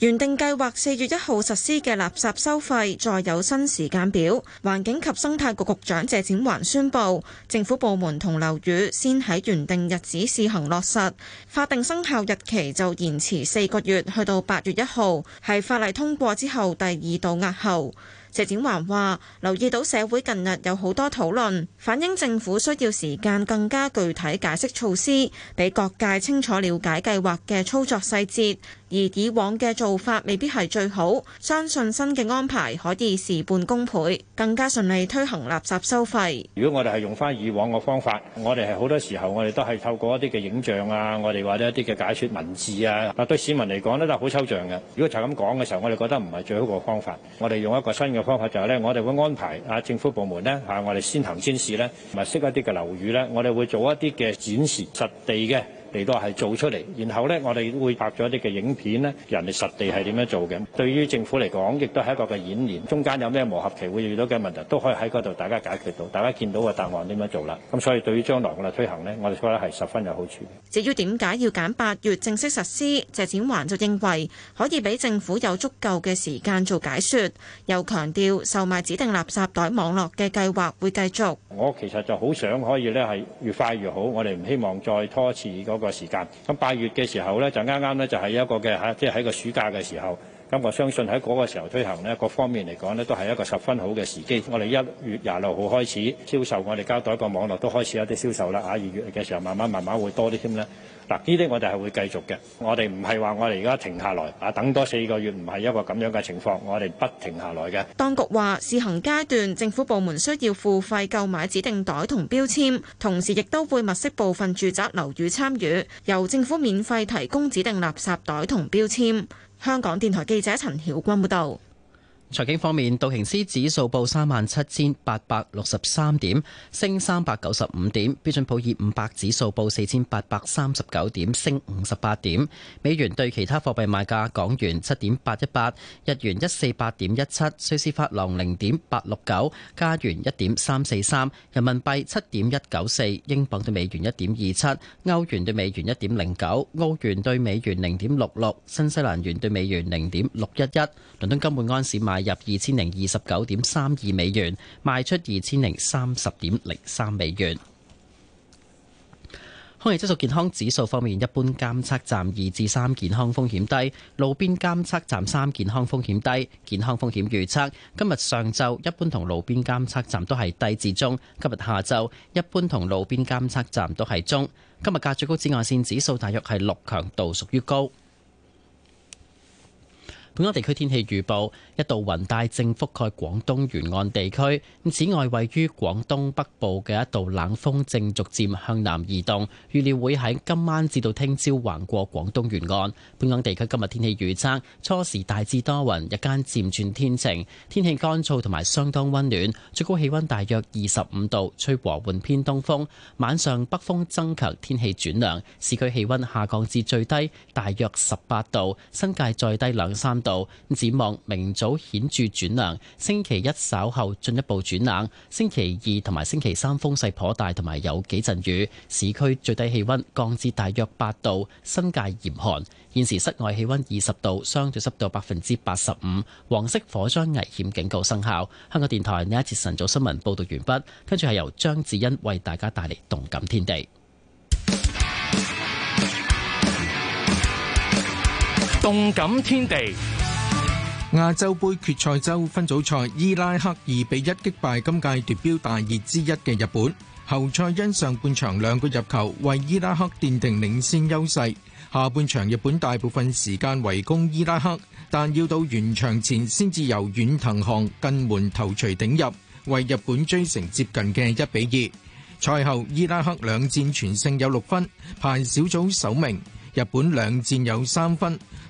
原定計劃四月一號實施嘅垃圾收費再有新時間表，環境及生態局局長謝展寰宣布，政府部門同樓宇先喺原定日子試行落實，法定生效日期就延遲四個月，去到八月一號，係法例通過之後第二度押後。謝展寰話：留意到社會近日有好多討論，反映政府需要時間更加具體解釋措施，俾各界清楚了解計劃嘅操作細節。而以往嘅做法未必係最好，相信新嘅安排可以事半功倍，更加順利推行垃圾收費。如果我哋係用翻以往嘅方法，我哋係好多時候我哋都係透過一啲嘅影像啊，我哋或者一啲嘅解説文字啊，對市民嚟講呢都係好抽象嘅。如果就咁講嘅時候，我哋覺得唔係最好個方法。我哋用一個新嘅。方法就係咧，我哋會安排啊，政府部門咧嚇，我哋先行先試咧，同埋識一啲嘅樓宇咧，我哋會做一啲嘅展示，實地嘅。嚟到係做出嚟，然後呢，我哋會拍咗一啲嘅影片呢，人哋實地係點樣做嘅。對於政府嚟講，亦都係一個嘅演練，中間有咩磨合期，會遇到嘅問題，都可以喺嗰度大家解決到，大家見到嘅答案點樣做啦。咁所以對於將來我哋推行呢，我哋覺得係十分有好處。至於點解要揀八月正式實施，謝展環就認為可以俾政府有足夠嘅時間做解説，又強調售賣指定垃圾袋網絡嘅計劃會繼續。我其實就好想可以呢係越快越好，我哋唔希望再拖遲個時間，咁八月嘅時候咧，就啱啱咧就係一個嘅嚇，即係喺個暑假嘅時候。咁我相信喺嗰個時候推行呢，各方面嚟講咧，都係一個十分好嘅時機，我哋一月廿六號開始銷售，我哋膠袋個網絡都開始有啲銷售啦。嚇，二月嘅時候慢慢慢慢會多啲添咧。嗱，呢啲我哋係會繼續嘅。我哋唔係話，我哋而家停下來啊，等多四個月唔係一個咁樣嘅情況，我哋不停下來嘅。當局話，試行階段，政府部門需要付費購買指定袋同標籤，同時亦都會物色部分住宅樓宇參與，由政府免費提供指定垃圾袋同標籤。香港電台記者陳曉君報道。財經方面，道瓊斯指數報三萬七千八百六十三點，升三百九十五點；標準普爾五百指數報四千八百三十九點，升五十八點。美元對其他貨幣賣價：港元七點八一八，日元一四八點一七，瑞士法郎零點八六九，加元一點三四三，人民幣七點一九四，英鎊對美元一點二七，歐元對美元一點零九，澳元對美元零點六六，新西蘭元對美元零點六一一。倫敦金每安司賣。入二千零二十九點三二美元，賣出二千零三十點零三美元。空氣質素健康指數方面，一般監測站二至三，健康風險低路邊監測站三，健康風險低。健康風險預測今日上晝一般同路邊監測站都係低至中，今日下晝一般同路邊監測站都係中。今日價最高紫外線指數大約係六，強度屬於高。本港地區天氣預報，一道雲帶正覆蓋廣東沿岸地區，此外，位於廣東北部嘅一道冷風正逐漸向南移動，預料會喺今晚至到聽朝橫過廣東沿岸。本港地區今日天氣預測，初時大致多雲，日間漸轉天晴，天氣乾燥同埋相當温暖，最高氣温大約二十五度，吹和緩偏東風。晚上北風增強，天氣轉涼，市區氣温下降至最低大約十八度，新界再低兩三。展望明早顯著轉涼，星期一稍後進一步轉冷，星期二同埋星期三風勢頗大，同埋有幾陣雨。市區最低氣温降至大約八度，新界嚴寒。現時室外氣温二十度，相對濕度百分之八十五，黃色火災危險警告生效。香港電台呢一次晨早新聞報道完畢，跟住係由張子欣為大家帶嚟動感天地。動感天地。亞洲盃決賽週分組賽，伊拉克二比一擊敗今屆奪標大熱之一嘅日本。侯賽恩上半場兩個入球，為伊拉克奠定領先優勢。下半場日本大部分時間圍攻伊拉克，但要到完場前先至由遠藤航近門頭錘頂入，為日本追成接近嘅一比二。賽後伊拉克兩戰全勝有六分，排小組首名；日本兩戰有三分。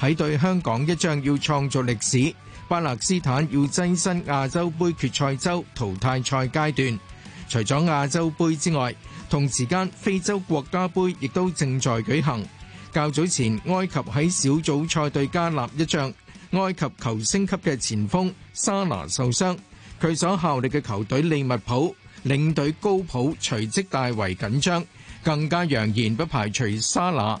喺對香港一仗要創造歷史，巴勒斯坦要躋身亞洲杯決賽周淘汰賽階段。除咗亞洲杯之外，同時間非洲國家杯亦都正在舉行。較早前埃及喺小組賽對加納一仗，埃及球星級嘅前鋒沙拿受傷，佢所效力嘅球隊利物浦領隊高普隨即大為緊張，更加揚言不排除沙拿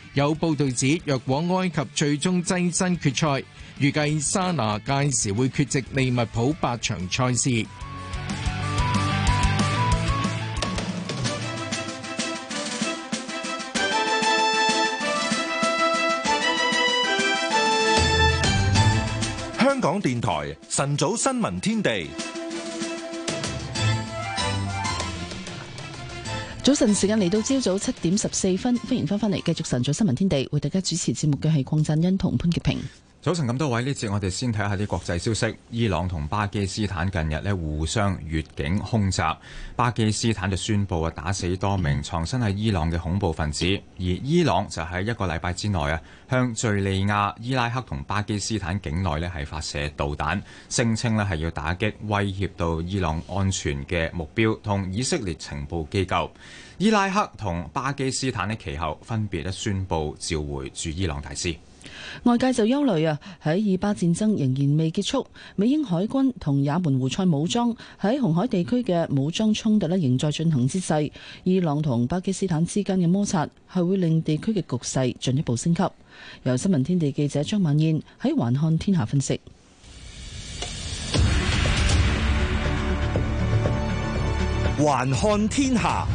有報道指，若果埃及最終躋身決賽，預計沙拿屆時會缺席利物浦八場賽事。香港電台晨早新聞天地。早晨時間嚟到，朝早七點十四分，歡迎翻返嚟，繼續晨早新聞天地，為大家主持節目嘅係鄺振欣同潘潔平。早晨，咁多位呢節，我哋先睇下啲國際消息。伊朗同巴基斯坦近日呢，互相越境空襲，巴基斯坦就宣布啊，打死多名藏身喺伊朗嘅恐怖分子，而伊朗就喺一個禮拜之內啊，向敘利亞、伊拉克同巴基斯坦境內呢係發射導彈，聲稱呢係要打擊威脅到伊朗安全嘅目標同以色列情報機構。伊拉克同巴基斯坦呢其後分別咧，宣布召回駐伊朗大使。外界就憂慮啊，喺以巴戰爭，仍然未結束，美英海軍同也門胡塞武裝喺紅海地區嘅武裝衝突呢仍在進行之際，伊朗同巴基斯坦之間嘅摩擦，係會令地區嘅局勢進一步升級。由新聞天地記者張曼燕喺環看天下分析。環看天下。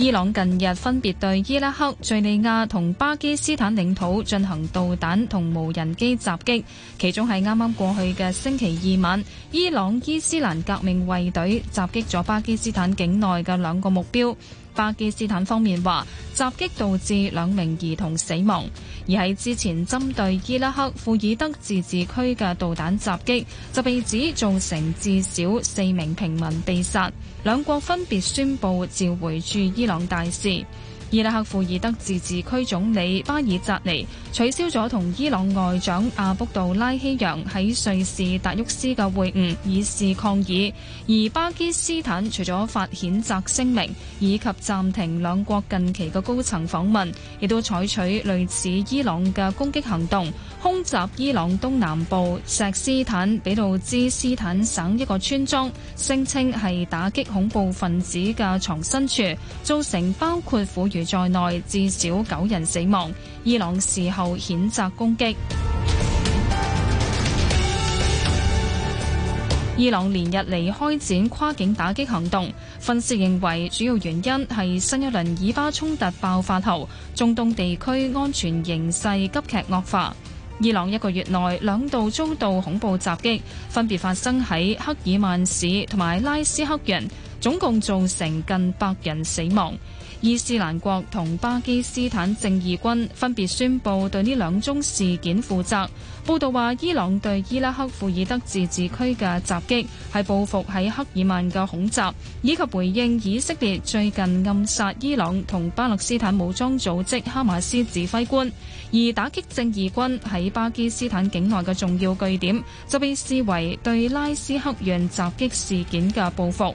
伊朗近日分別對伊拉克、敘利亞同巴基斯坦領土進行導彈同無人機襲擊，其中係啱啱過去嘅星期二晚，伊朗伊斯蘭革命衛隊襲擊咗巴基斯坦境內嘅兩個目標。巴基斯坦方面話，襲擊導致兩名兒童死亡。而喺之前針對伊拉克庫爾德自治區嘅導彈襲擊，就被指造成至少四名平民被殺。兩國分別宣布召回駐伊朗大使。伊拉克庫爾德自治區總理巴爾扎尼取消咗同伊朗外長阿卜杜拉希揚喺瑞士達沃斯嘅會晤，以示抗議。而巴基斯坦除咗發譴責聲明，以及暫停兩國近期嘅高層訪問，亦都採取類似伊朗嘅攻擊行動。空襲伊朗東南部錫斯坦俾路支斯坦省一個村莊，聲稱係打擊恐怖分子嘅藏身處，造成包括婦孺在內至少九人死亡。伊朗事後譴責攻擊。 [noise] 伊朗連日嚟開展跨境打擊行動，分析認為主要原因係新一輪以巴衝突爆發後，中東地區安全形勢急劇惡化。伊朗一個月內兩度遭到恐怖襲擊，分別發生喺克爾曼市同埋拉斯克人，總共造成近百人死亡。伊斯蘭國同巴基斯坦正義軍分別宣布對呢兩宗事件負責。報道話，伊朗對伊拉克庫爾德自治區嘅襲擊係報復喺克爾曼嘅恐襲，以及回應以色列最近暗殺伊朗同巴勒斯坦武裝組織哈馬斯指揮官。而打擊正義軍喺巴基斯坦境內嘅重要據點，就被視為對拉斯克讓襲擊事件嘅報復。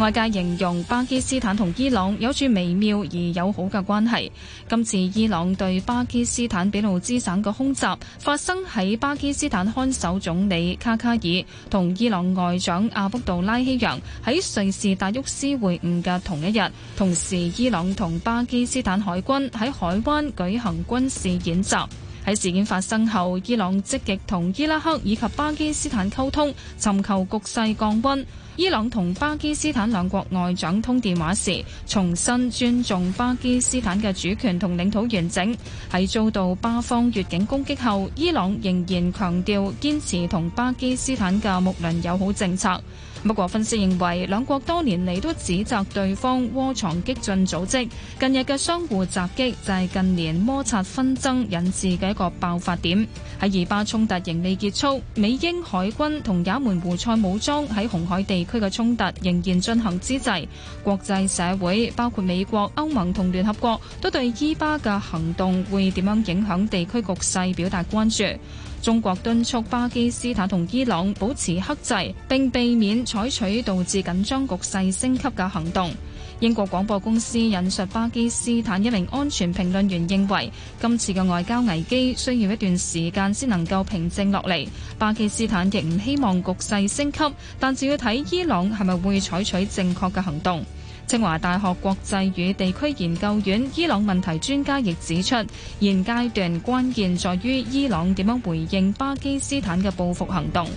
外界形容巴基斯坦同伊朗有住微妙而友好嘅關係，今次伊朗對巴基斯坦俾路支省嘅空襲發生喺巴基斯坦看守總理卡卡爾同伊朗外長阿卜杜拉希揚喺瑞士達沃斯會晤嘅同一日，同時伊朗同巴基斯坦海軍喺海灣舉行軍事演習。喺事件發生後，伊朗積極同伊拉克以及巴基斯坦溝通，尋求局勢降温，伊朗同巴基斯坦兩國外長通電話時，重申尊重巴基斯坦嘅主權同領土完整。喺遭到巴方越境攻擊後，伊朗仍然強調堅持同巴基斯坦嘅睦鄰友好政策。不過，分析認為兩國多年嚟都指責對方窩藏激進組織，近日嘅相互襲擊就係近年摩擦紛爭引致嘅一個爆發點。喺伊巴衝突仍未結束，美英海軍同也門胡塞武裝喺紅海地區嘅衝突仍然進行之際，國際社會包括美國、歐盟同聯合國都對伊巴嘅行動會點樣影響地區局勢表達關注。中國敦促巴基斯坦同伊朗保持克制，並避免採取導致緊張局勢升級嘅行動。英國廣播公司引述巴基斯坦一名安全評論員認為，今次嘅外交危機需要一段時間先能夠平靜落嚟。巴基斯坦亦唔希望局勢升級，但就要睇伊朗係咪會採取正確嘅行動。清華大學國際與地區研究院伊朗問題專家亦指出，現階段關鍵在於伊朗點樣回應巴基斯坦嘅報復行動。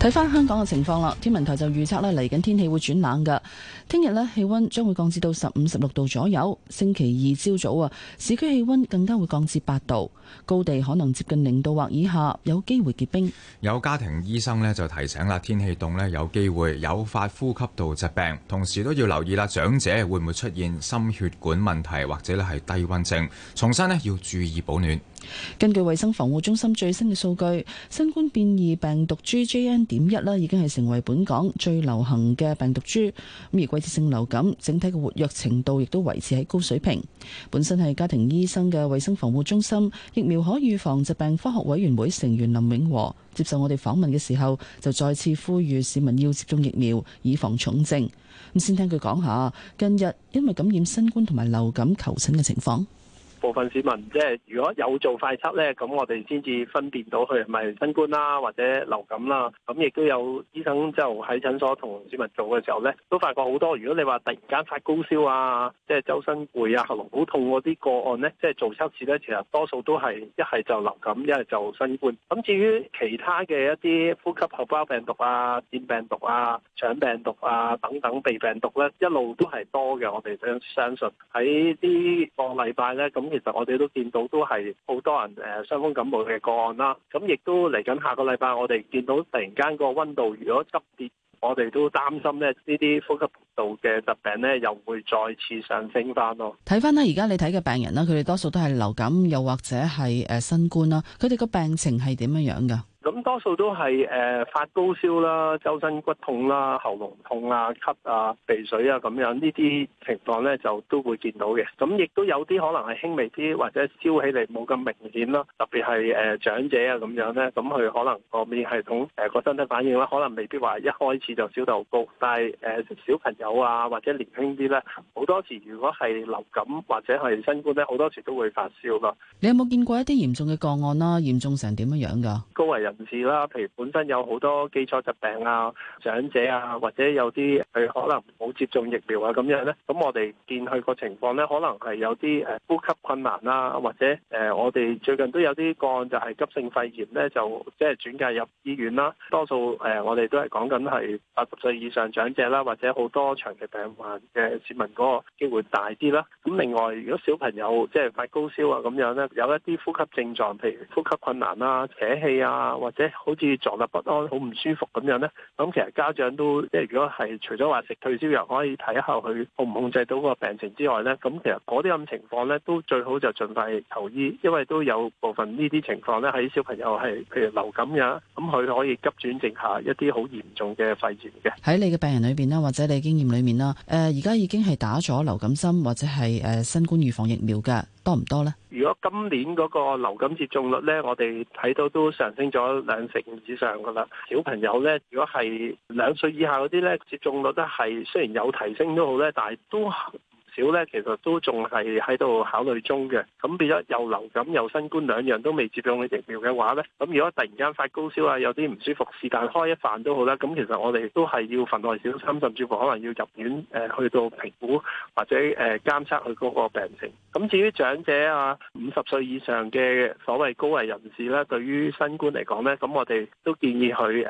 睇翻香港嘅情況啦，天文台就預測咧嚟緊天氣會轉冷㗎。聽日呢，氣温將會降至到十五十六度左右，星期二朝早啊，市區氣温更加會降至八度，高地可能接近零度或以下，有機會結冰。有家庭醫生呢就提醒啦，天氣凍呢，有機會誘發呼吸道疾病，同時都要留意啦，長者會唔會出現心血管問題或者咧係低温症，重申呢，要注意保暖。根據衛生防護中心最新嘅數據，新冠變異病毒 GJN 點一咧，已經係成為本港最流行嘅病毒株，而季節性流感整體嘅活躍程度亦都維持喺高水平。本身係家庭醫生嘅衛生防護中心疫苗可預防疾病科學委員會成員林永和接受我哋訪問嘅時候，就再次呼籲市民要接種疫苗，以防重症。咁先聽佢講下，近日因為感染新冠同埋流感求診嘅情況。部分市民即係如果有做快測呢，咁我哋先至分辨到佢係咪新冠啦，或者流感啦。咁亦都有醫生就喺診所同市民做嘅時候呢，都發覺好多。如果你話突然間發高燒啊，即係周身攰啊，喉嚨好痛嗰啲個案呢，即係做測試呢，其實多數都係一係就流感，一係就新冠。咁至於其他嘅一啲呼吸合胞病毒啊、腺病毒啊、腸病毒啊等等鼻病毒呢，一路都係多嘅。我哋相相信喺呢個禮拜呢。咁。其實我哋都見到都係好多人誒，傷風感冒嘅個案啦。咁亦都嚟緊下個禮拜，我哋見到突然間個溫度如果急跌，我哋都擔心咧呢啲呼吸道嘅疾病咧又會再次上升翻。咯睇翻咧，而家你睇嘅病人啦，佢哋多數都係流感，又或者係誒新冠啦。佢哋個病情係點樣樣噶？咁多數都係誒發高燒啦、周身骨痛啦、喉嚨痛啊、咳啊、鼻水啊，咁樣呢啲情況咧，就都會見到嘅。咁亦都有啲可能係輕微啲，或者燒起嚟冇咁明顯咯。特別係誒長者啊咁樣咧，咁佢可能個免疫系統誒個身體反應啦，可能未必話一開始就燒到高。但係誒小朋友啊，或者年輕啲咧，好多時如果係流感或者係新冠咧，好多時都會發燒㗎。你有冇見過一啲嚴重嘅個案啦？嚴重成點樣樣㗎？高危人士啦，譬如本身有好多基礎疾病啊、長者啊，或者有啲佢可能冇接種疫苗啊咁樣咧，咁我哋見佢個情況咧，可能係有啲誒呼吸困難啊，或者誒、呃、我哋最近都有啲個案就係急性肺炎咧，就即係、就是、轉介入醫院啦、啊。多數誒、呃、我哋都係講緊係八十歲以上長者啦、啊，或者好多長期病患嘅市民嗰個機會大啲啦、啊。咁另外，如果小朋友即係、就是、發高燒啊咁樣咧，有一啲呼吸症狀，譬如呼吸困難啊、扯氣啊。或者好似坐立不安、好唔舒服咁樣呢。咁其實家長都即係如果係除咗話食退燒藥可以睇下佢控唔控制到個病情之外呢。咁其實嗰啲咁情況呢，都最好就儘快求醫，因為都有部分呢啲情況呢，喺小朋友係譬如流感嘅，咁佢可以急轉直下一啲好嚴重嘅肺炎嘅。喺你嘅病人裏邊啦，或者你經驗裏面啦，誒而家已經係打咗流感針或者係誒、呃、新冠預防疫苗㗎。多唔多呢？如果今年嗰個流感接種率呢，我哋睇到都上升咗兩成以上噶啦。小朋友呢，如果係兩歲以下嗰啲呢，接種率都係雖然有提升都好呢，但係都。料咧，其實都仲係喺度考慮中嘅。咁變咗又流感又新冠兩樣都未接種嘅疫苗嘅話咧，咁如果突然間發高燒啊，有啲唔舒服，是但開一飯都好啦。咁其實我哋都係要份外小心，甚至乎可能要入院誒，去到評估或者誒監測佢嗰個病情。咁至於長者啊，五十歲以上嘅所謂高危人士咧，對於新冠嚟講咧，咁我哋都建議佢誒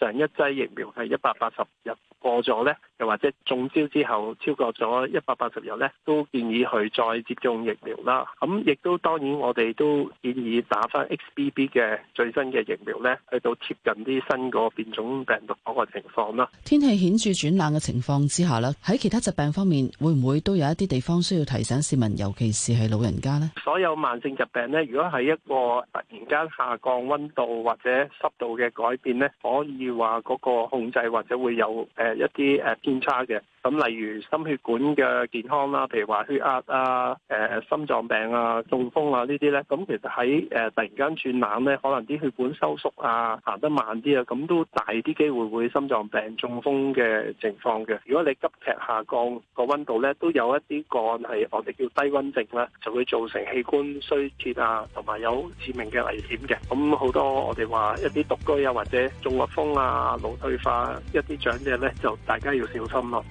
上一劑疫苗係一百八十日過咗咧，又或者中招之後超過咗一百八十日。都建議去再接種疫苗啦，咁亦都當然我哋都建議打返 XBB 嘅最新嘅疫苗咧，去到貼近啲新個變種病毒嗰個情況啦。天氣顯著轉冷嘅情況之下咧，喺其他疾病方面會唔會都有一啲地方需要提醒市民，尤其是係老人家呢？所有慢性疾病咧，如果係一個突然間下降溫度或者濕度嘅改變咧，可以話嗰個控制或者會有誒一啲誒偏差嘅。咁例如心血管嘅健康啦，譬如話血壓啊、誒、呃、心臟病啊、中風啊呢啲呢，咁其實喺誒、呃、突然間轉冷呢，可能啲血管收縮啊，行得慢啲啊，咁都大啲機會會心臟病、中風嘅情況嘅。如果你急劇下降個温度呢，都有一啲個案係我哋叫低温症啦，就會造成器官衰竭啊，同埋有，有致命嘅危險嘅。咁好多我哋話一啲獨居啊，或者中咗風啊、腦退化一啲長者呢，就大家要小心咯。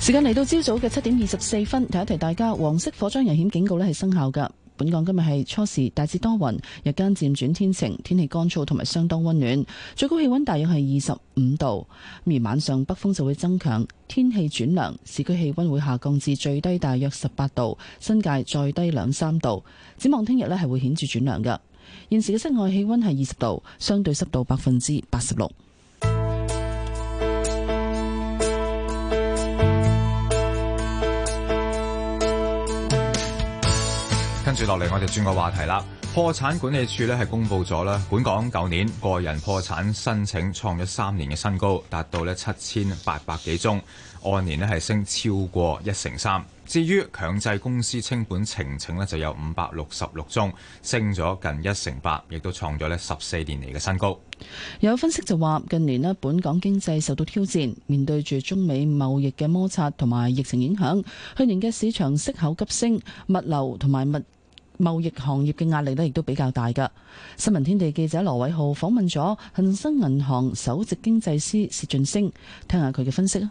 時間嚟到朝早嘅七點二十四分，提一提大家，黃色火災危險警告呢係生效噶。本港今日係初時大致多雲，日間漸轉天晴，天氣乾燥同埋相當溫暖，最高氣溫大約係二十五度。而晚上北風就會增強，天氣轉涼，市區氣溫會下降至最低大約十八度，新界再低兩三度。展望聽日呢係會顯著轉涼噶。現時嘅室外氣溫係二十度，相對濕度百分之八十六。跟住落嚟，我哋轉個話題啦。破產管理處呢係公佈咗喇，本港舊年個人破產申請創咗三年嘅新高，達到呢七千八百幾宗，按年呢係升超過一成三。至於強制公司清盤呈請咧，就有五百六十六宗，升咗近一成八，亦都創咗咧十四年嚟嘅新高。有分析就話，近年咧本港經濟受到挑戰，面對住中美貿易嘅摩擦同埋疫情影響，去年嘅市場息口急升，物流同埋物貿易行業嘅壓力咧，亦都比較大嘅。新聞天地記者羅偉浩訪問咗恒生銀行首席經濟師薛俊升，聽下佢嘅分析。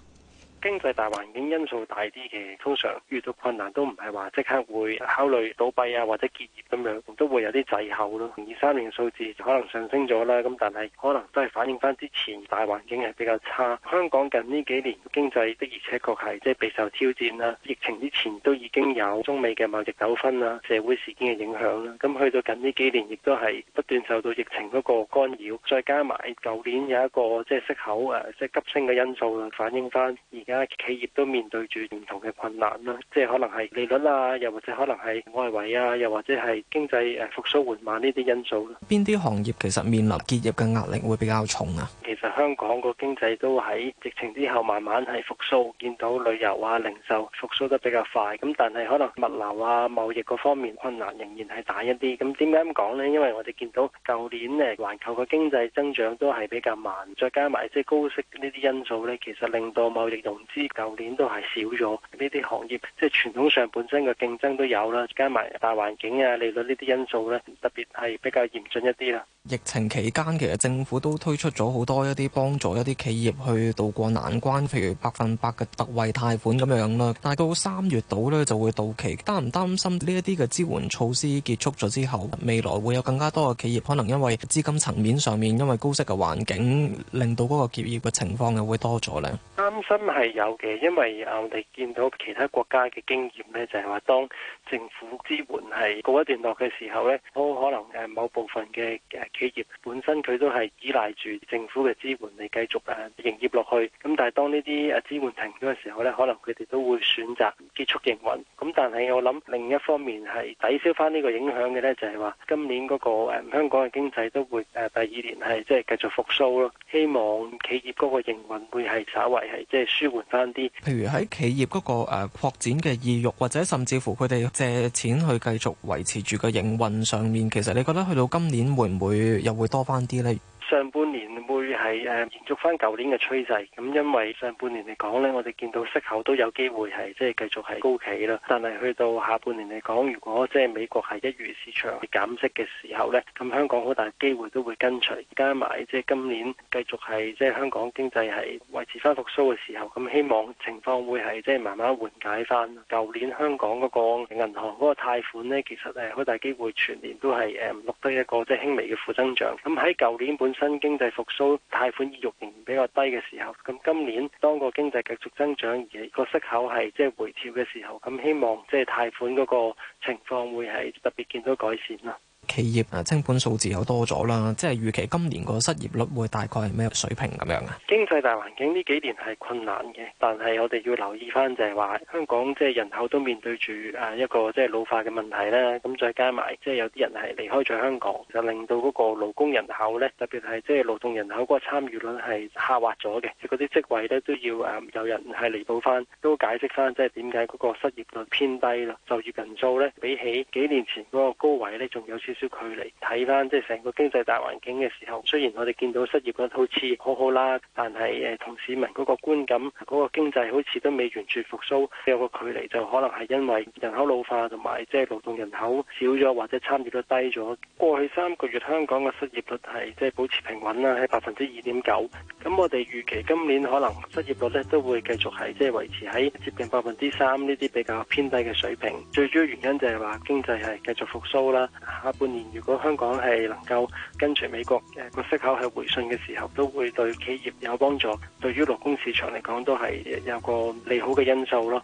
經濟大環境因素大啲嘅，通常遇到困難都唔係話即刻會考慮倒閉啊，或者結業咁樣，都會有啲滯後咯。二三年數字可能上升咗啦，咁但係可能都係反映翻之前大環境係比較差。香港近呢幾年經濟的而且確係即係備受挑戰啦。疫情之前都已經有中美嘅貿易糾紛啦，社會事件嘅影響啦。咁去到近呢幾年，亦都係不斷受到疫情嗰個干擾，再加埋舊年有一個即係息口誒，即係急升嘅因素啦，反映翻。而家企業都面對住唔同嘅困難啦，即係可能係利率啊，又或者可能係外圍啊，又或者係經濟誒復甦緩慢呢啲因素，邊啲行業其實面臨結業嘅壓力會比較重啊？其實香港個經濟都喺疫情之後慢慢係復甦，見到旅遊啊、零售復甦得比較快。咁但係可能物流啊、貿易嗰方面困難仍然係大一啲。咁點解咁講呢？因為我哋見到舊年咧，環球個經濟增長都係比較慢，再加埋即係高息呢啲因素咧，其實令到貿易同唔知舊年都係少咗呢啲行業，即係傳統上本身嘅競爭都有啦，加埋大環境啊、利率呢啲因素咧，特別係比較嚴峻一啲啦。疫情期間其實政府都推出咗好多一啲幫助一啲企業去渡過難關，譬如百分百嘅特惠貸款咁樣啦。但係到三月度咧就會到期，擔唔擔心呢一啲嘅支援措施結束咗之後，未來會有更加多嘅企業可能因為資金層面上面因為高息嘅環境，令到嗰個結業嘅情況又會多咗咧？擔心係。有嘅，因為啊，我哋見到其他國家嘅經驗咧，就係話當政府支援係告一段落嘅時候呢，好可能誒某部分嘅企業本身佢都係依賴住政府嘅支援嚟繼續誒營業落去。咁但係當呢啲誒支援停咗嘅時候呢，可能佢哋都會選擇結束營運。咁但係我諗另一方面係抵消翻呢個影響嘅呢，就係話今年嗰個香港嘅經濟都會誒第二年係即係繼續復甦咯。希望企業嗰個營運會係稍為係即係舒緩翻啲。譬如喺企業嗰、那個誒擴、啊、展嘅意欲，或者甚至乎佢哋。借錢去繼續維持住個營運上面，其實你覺得去到今年會唔會又會多翻啲呢？上半年會係誒延續翻舊年嘅趨勢，咁因為上半年嚟講咧，我哋見到息口都有機會係即係繼續係高企啦。但係去到下半年嚟講，如果即係美國係一月市場減息嘅時候咧，咁香港好大機會都會跟隨加埋，即係今年繼續係即係香港經濟係維持翻復甦嘅時候，咁希望情況會係即係慢慢緩解翻。舊年香港嗰個銀行嗰個貸款咧，其實係好大機會全年都係誒錄得一個即係輕微嘅負增長。咁喺舊年本新經濟復甦，貸款意欲仍然比較低嘅時候，咁今年當個經濟繼續增長而個息口係即係回調嘅時候，咁希望即係貸款嗰個情況會係特別見到改善啦。企業啊，清盤數字又多咗啦，即係預期今年個失業率會大概係咩水平咁樣啊？經濟大環境呢幾年係困難嘅，但係我哋要留意翻就係話香港即係人口都面對住誒一個即係老化嘅問題啦。咁再加埋即係有啲人係離開咗香港，就令到嗰個勞工人口咧，特別係即係勞動人口嗰個參與率係下滑咗嘅，即嗰啲職位咧都要誒有人係彌補翻，都解釋翻即係點解嗰個失業率偏低啦，就業人數咧比起幾年前嗰個高位咧仲有少少。少距離睇翻即係成個經濟大環境嘅時候，雖然我哋見到失業率好似好好啦，但係誒同市民嗰個觀感、嗰、嗰個經濟好似都未完全復甦，有個距離就可能係因為人口老化同埋即係勞動人口少咗或者參與率低咗。過去三個月香港嘅失業率係即係保持平穩啦，喺百分之二點九。咁我哋預期今年可能失業率咧都會繼續係即係維持喺接近百分之三呢啲比較偏低嘅水平。最主要原因就係話經濟係繼續復甦啦，下、啊、半年，如果香港係能夠跟隨美國嘅個息口係回信嘅時候，都會對企業有幫助。對於勞工市場嚟講，都係有個利好嘅因素咯。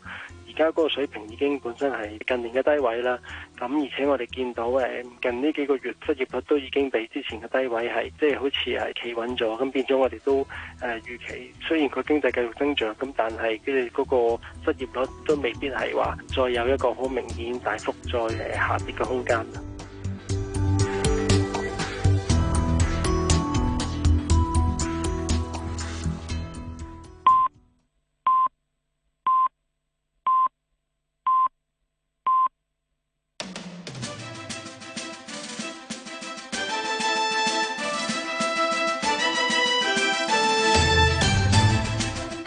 而家嗰個水平已經本身係近年嘅低位啦。咁而且我哋見到誒近呢幾個月失業率都已經比之前嘅低位係，即係好似係企穩咗。咁變咗我哋都誒預期，雖然佢經濟繼續增長，咁但係佢哋嗰個失業率都未必係話再有一個好明顯大幅再誒下跌嘅空間。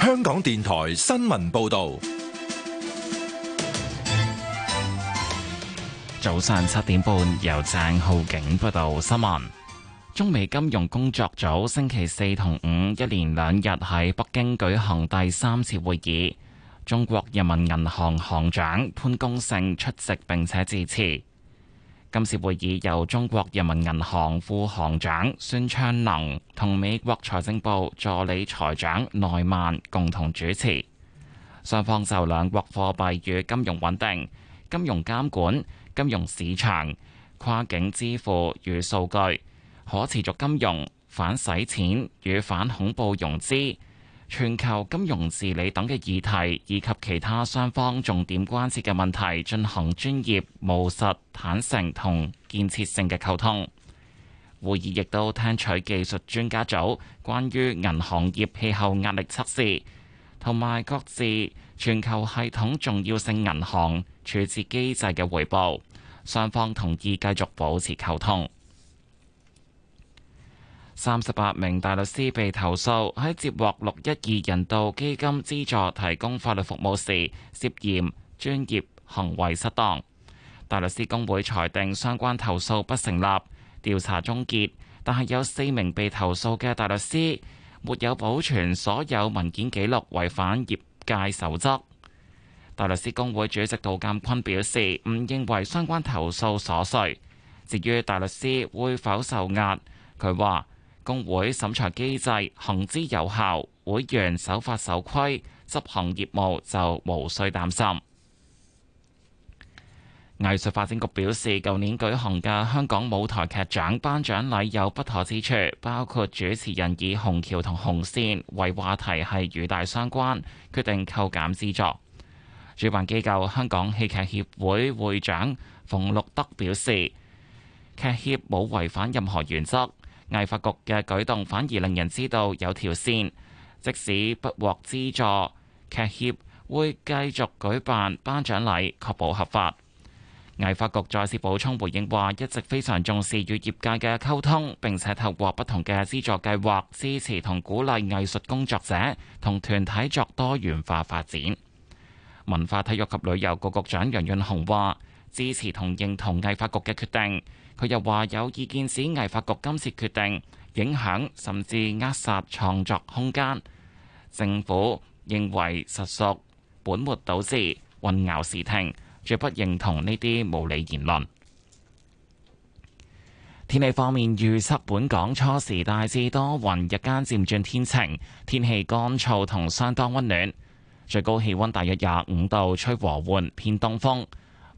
香港電台新聞報道，早上七點半由鄭浩景報道新聞。中美金融工作組星期四同五一連兩日喺北京舉行第三次會議，中國人民銀行行長潘功勝出席並且致辭。今次會議由中國人民銀行副行長孫昌能同美國財政部助理財長奈曼共同主持。雙方就兩國貨幣與金融穩定、金融監管、金融市場、跨境支付與數據、可持續金融、反洗錢與反恐怖融資、全球金融治理等嘅議題，以及其他雙方重點關切嘅問題，進行專業、務實、坦誠同建設性嘅溝通。會議亦都聽取技術專家組關於銀行業氣候壓力測試，同埋各自全球系統重要性銀行處置機制嘅匯報，雙方同意繼續保持溝通。三十八名大律師被投訴喺接獲六一二人道基金資助提供法律服務時涉嫌專業行為失當。大律師公會裁定相關投訴不成立，調查終結，但係有四名被投訴嘅大律師沒有保存所有文件記錄違反業界守則。大律師公會主席杜鑒坤表示，唔認為相關投訴瑣碎。至於大律師會否受壓，佢話。公會審查機制行之有效，會員守法守規，執行業務就無需擔心。藝術發展局表示，舊年舉行嘅香港舞台劇獎頒獎禮有不妥之處，包括主持人以紅橋同紅線為話題，係與大相關，決定扣減資助。主辦機構香港戲劇協會會長馮祿德表示，劇協冇違反任何原則。藝發局嘅舉動反而令人知道有條線，即使不獲資助，劇協會繼續舉辦頒獎禮，確保合法。藝發局再次補充回應話，一直非常重視與業界嘅溝通，並且透過不同嘅資助計劃支持同鼓勵藝術工作者同團體作多元化發展。文化體育及旅遊局局長楊潤雄話，支持同認同藝發局嘅決定。佢又話有意見指藝發局今次決定影響甚至扼殺創作空間，政府認為實屬本末倒置、混淆視聽，絕不認同呢啲無理言論。天氣方面預測本港初時大致多雲，日間漸轉天晴，天氣乾燥同相當溫暖，最高氣温大約廿五度，吹和緩偏東風。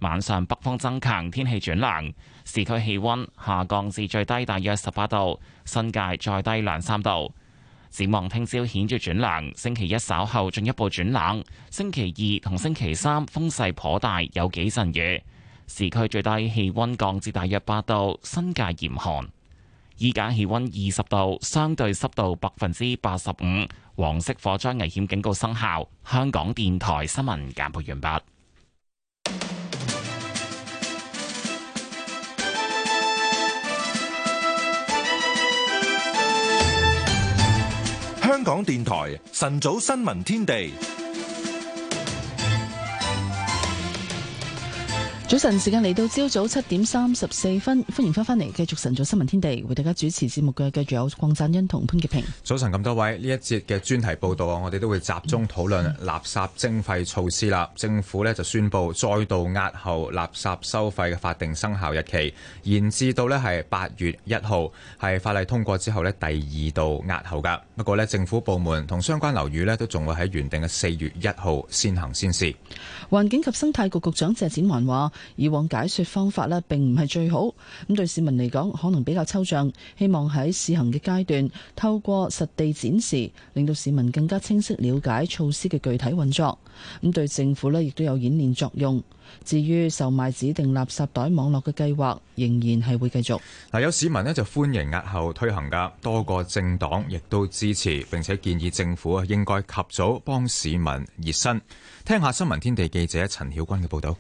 晚上北風增強，天氣轉涼，市區氣温下降至最低大約十八度，新界再低兩三度。展望聽朝顯著轉涼，星期一稍後進一步轉冷，星期二同星期三風勢頗大，有幾陣雨。市區最低氣温降至大約八度，新界嚴寒。依家氣温二十度，相對濕度百分之八十五，黃色火災危險警告生效。香港電台新聞簡報完畢。香港電台晨早新聞天地。早晨，時間嚟到朝早七點三十四分，歡迎翻返嚟，繼續晨早新聞天地，為大家主持節目嘅繼續有鄺贊恩同潘潔平。早晨，咁多位，呢一節嘅專題報道，我哋都會集中討論垃、垃圾徵費措施啦。政府呢就宣佈再度押後垃圾收費嘅法定生效日期，延至到呢係八月一號，係法例通過之後呢，第二度押後噶。不過呢，政府部門同相關樓宇呢都仲會喺原定嘅四月一號先行先試。環境及生態局局長謝展寰話。以往解說方法咧並唔係最好咁，對市民嚟講可能比較抽象。希望喺試行嘅階段，透過實地展示，令到市民更加清晰了解措施嘅具體運作。咁對政府咧，亦都有演練作用。至於售賣指定垃圾袋網絡嘅計劃，仍然係會繼續嗱。有市民咧就歡迎押後推行噶，多個政黨亦都支持並且建議政府應該及早幫市民熱身。聽下新聞天地記者陳曉君嘅報導。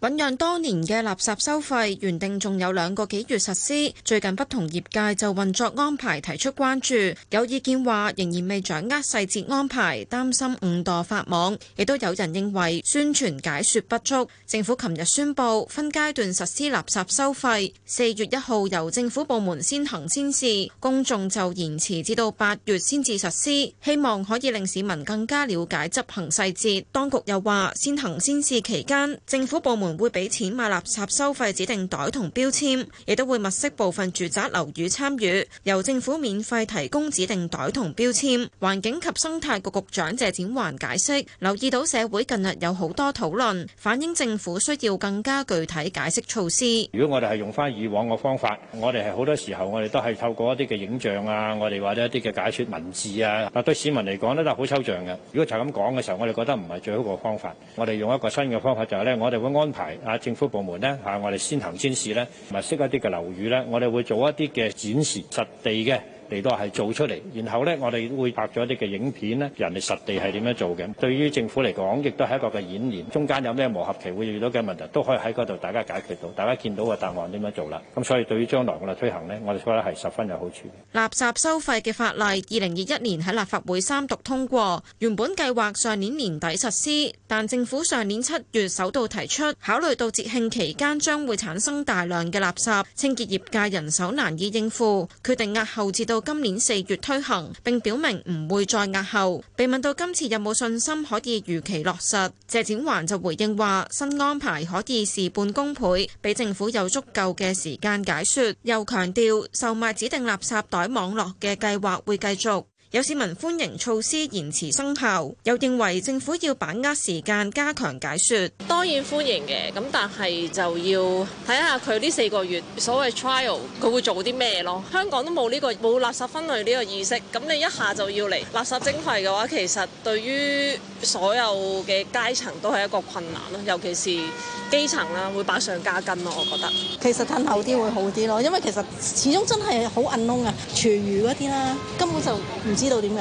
醞釀多年嘅垃圾收費原定仲有兩個幾月實施，最近不同業界就運作安排提出關注，有意見話仍然未掌握細節安排，擔心誤墮法網，亦都有人認為宣傳解說不足。政府琴日宣布分階段實施垃圾收費，四月一號由政府部門先行先試，公眾就延遲至到八月先至實施，希望可以令市民更加了解執行細節。當局又話先行先試期間，政府部門。會俾錢買垃圾收費指定袋同標籤，亦都會物色部分住宅樓宇參與，由政府免費提供指定袋同標籤。環境及生態局局長謝展環解釋：留意到社會近日有好多討論，反映政府需要更加具體解釋措施。如果我哋係用返以往嘅方法，我哋係好多時候我哋都係透過一啲嘅影像啊，我哋或者一啲嘅解説文字啊，對市民嚟講呢，都係好抽象嘅。如果就咁講嘅時候，我哋覺得唔係最好嘅方法。我哋用一個新嘅方法就係呢：我哋會安。啊，政府部門咧，嚇我哋先行先試咧，同埋識一啲嘅樓宇咧，我哋會做一啲嘅展示實地嘅。嚟都係做出嚟，然後呢，我哋會拍咗一啲嘅影片呢，人哋實地係點樣做嘅。對於政府嚟講，亦都係一個嘅演練，中間有咩磨合期會遇到嘅問題，都可以喺嗰度大家解決到，大家見到個答案點樣做啦。咁所以對於將來我哋推行呢，我哋覺得係十分有好處。垃圾收費嘅法例，二零二一年喺立法會三讀通過，原本計劃上年年底實施，但政府上年七月首度提出，考慮到節慶期間將會產生大量嘅垃圾，清潔業界人手難以應付，決定押後至到今年四月推行，並表明唔會再押後。被問到今次有冇信心可以如期落實，謝展寰就回應話：新安排可以事半功倍，俾政府有足夠嘅時間解說。又強調售賣指定垃圾袋網絡嘅計劃會繼續。有市民歡迎措施延遲生效，又認為政府要把握時間加強解説。當然歡迎嘅，咁但係就要睇下佢呢四個月所謂 trial，佢會做啲咩咯？香港都冇呢個冇垃圾分類呢個意識，咁你一下就要嚟垃圾徵費嘅話，其實對於所有嘅階層都係一個困難咯，尤其是基層啦，會百上加斤咯，我覺得。其實褪後啲會好啲咯，因為其實始終真係好 unknown 嘅，廚餘嗰啲啦，根本就唔。知道點樣？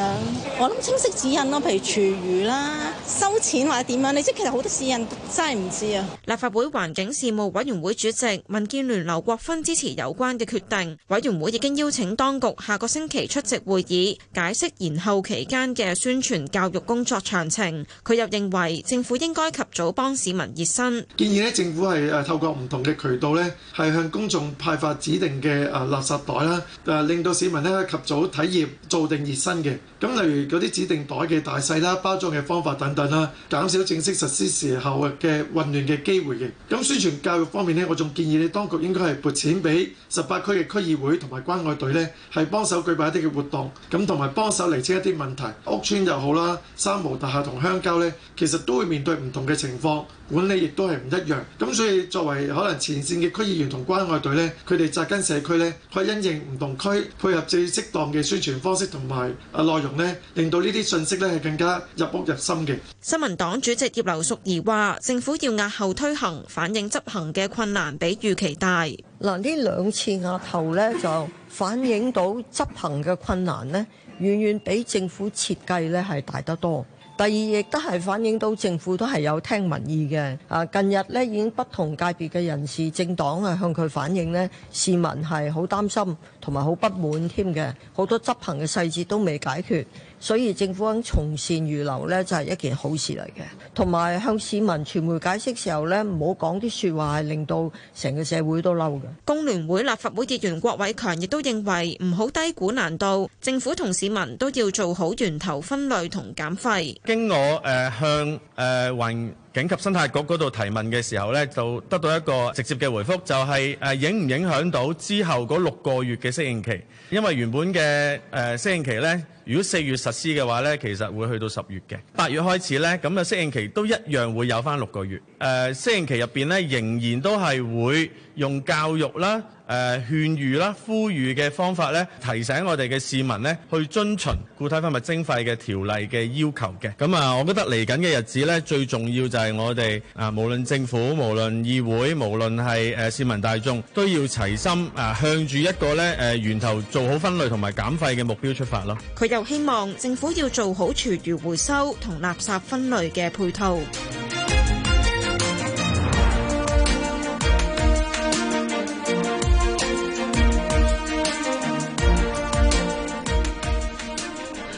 我諗清晰指引咯，譬如廚餘啦，收錢或者點樣，你知其實好多市民真係唔知啊。立法會環境事務委員會主席民建聯劉國勳支持有關嘅決定。委員會已經邀請當局下個星期出席會議解釋延後期間嘅宣傳教育工作詳情。佢又認為政府應該及早幫市民熱身。建議咧，政府係誒透過唔同嘅渠道咧，係向公眾派發指定嘅誒垃圾袋啦，誒令到市民咧及早體驗做定熱，新嘅咁，例如嗰啲指定袋嘅大細啦、包裝嘅方法等等啦，減少正式實施時候嘅混亂嘅機會嘅。咁宣傳教育方面咧，我仲建議你當局應該係撥錢俾十八區嘅區議會同埋關愛隊咧，係幫手舉辦一啲嘅活動，咁同埋幫手釐清一啲問題。屋邨又好啦，三無大廈同鄉郊咧，其實都會面對唔同嘅情況。管理亦都係唔一樣，咁所以作為可能前線嘅區議員同關愛隊咧，佢哋紮根社區咧，佢因應唔同區配合最適當嘅宣傳方式同埋啊內容咧，令到呢啲信息咧係更加入屋入心嘅。新民黨主席葉劉淑儀話政府要押後推行，反映執行嘅困難比預期大。嗱，呢兩次押後咧就反映到執行嘅困難咧，遠遠比政府設計咧係大得多。第二亦都係反映到政府都係有聽民意嘅。啊，近日呢，已經不同界別嘅人士、政黨係向佢反映呢，市民係好擔心同埋好不滿添嘅，好多執行嘅細節都未解決，所以政府響從善如流呢，就係一件好事嚟嘅。同埋向市民、傳媒解釋時候呢，唔好講啲説話係令到成個社會都嬲嘅。工聯會立法會議員郭偉強亦都認為唔好低估難度，政府同市民都要做好源頭分類同減費。經我誒向誒環境及生態局嗰度提問嘅時候咧，就得到一個直接嘅回覆，就係誒影唔影響到之後嗰六個月嘅適應期。因為原本嘅誒適應期呢，如果四月實施嘅話呢，其實會去到十月嘅。八月開始呢，咁嘅適應期都一樣會有返六個月。誒、呃、適應期入邊呢，仍然都係會用教育啦、誒勸喻啦、呼籲嘅方法呢，提醒我哋嘅市民呢，去遵循固體廢物徵費嘅條例嘅要求嘅。咁、嗯、啊，我覺得嚟緊嘅日子呢，最重要就係我哋啊、呃，無論政府、無論議會、無論係誒市民大眾，都要齊心啊、呃，向住一個呢誒、呃、源頭。做好分類同埋減費嘅目標出發咯。佢又希望政府要做好廚餘回收同垃圾分類嘅配套。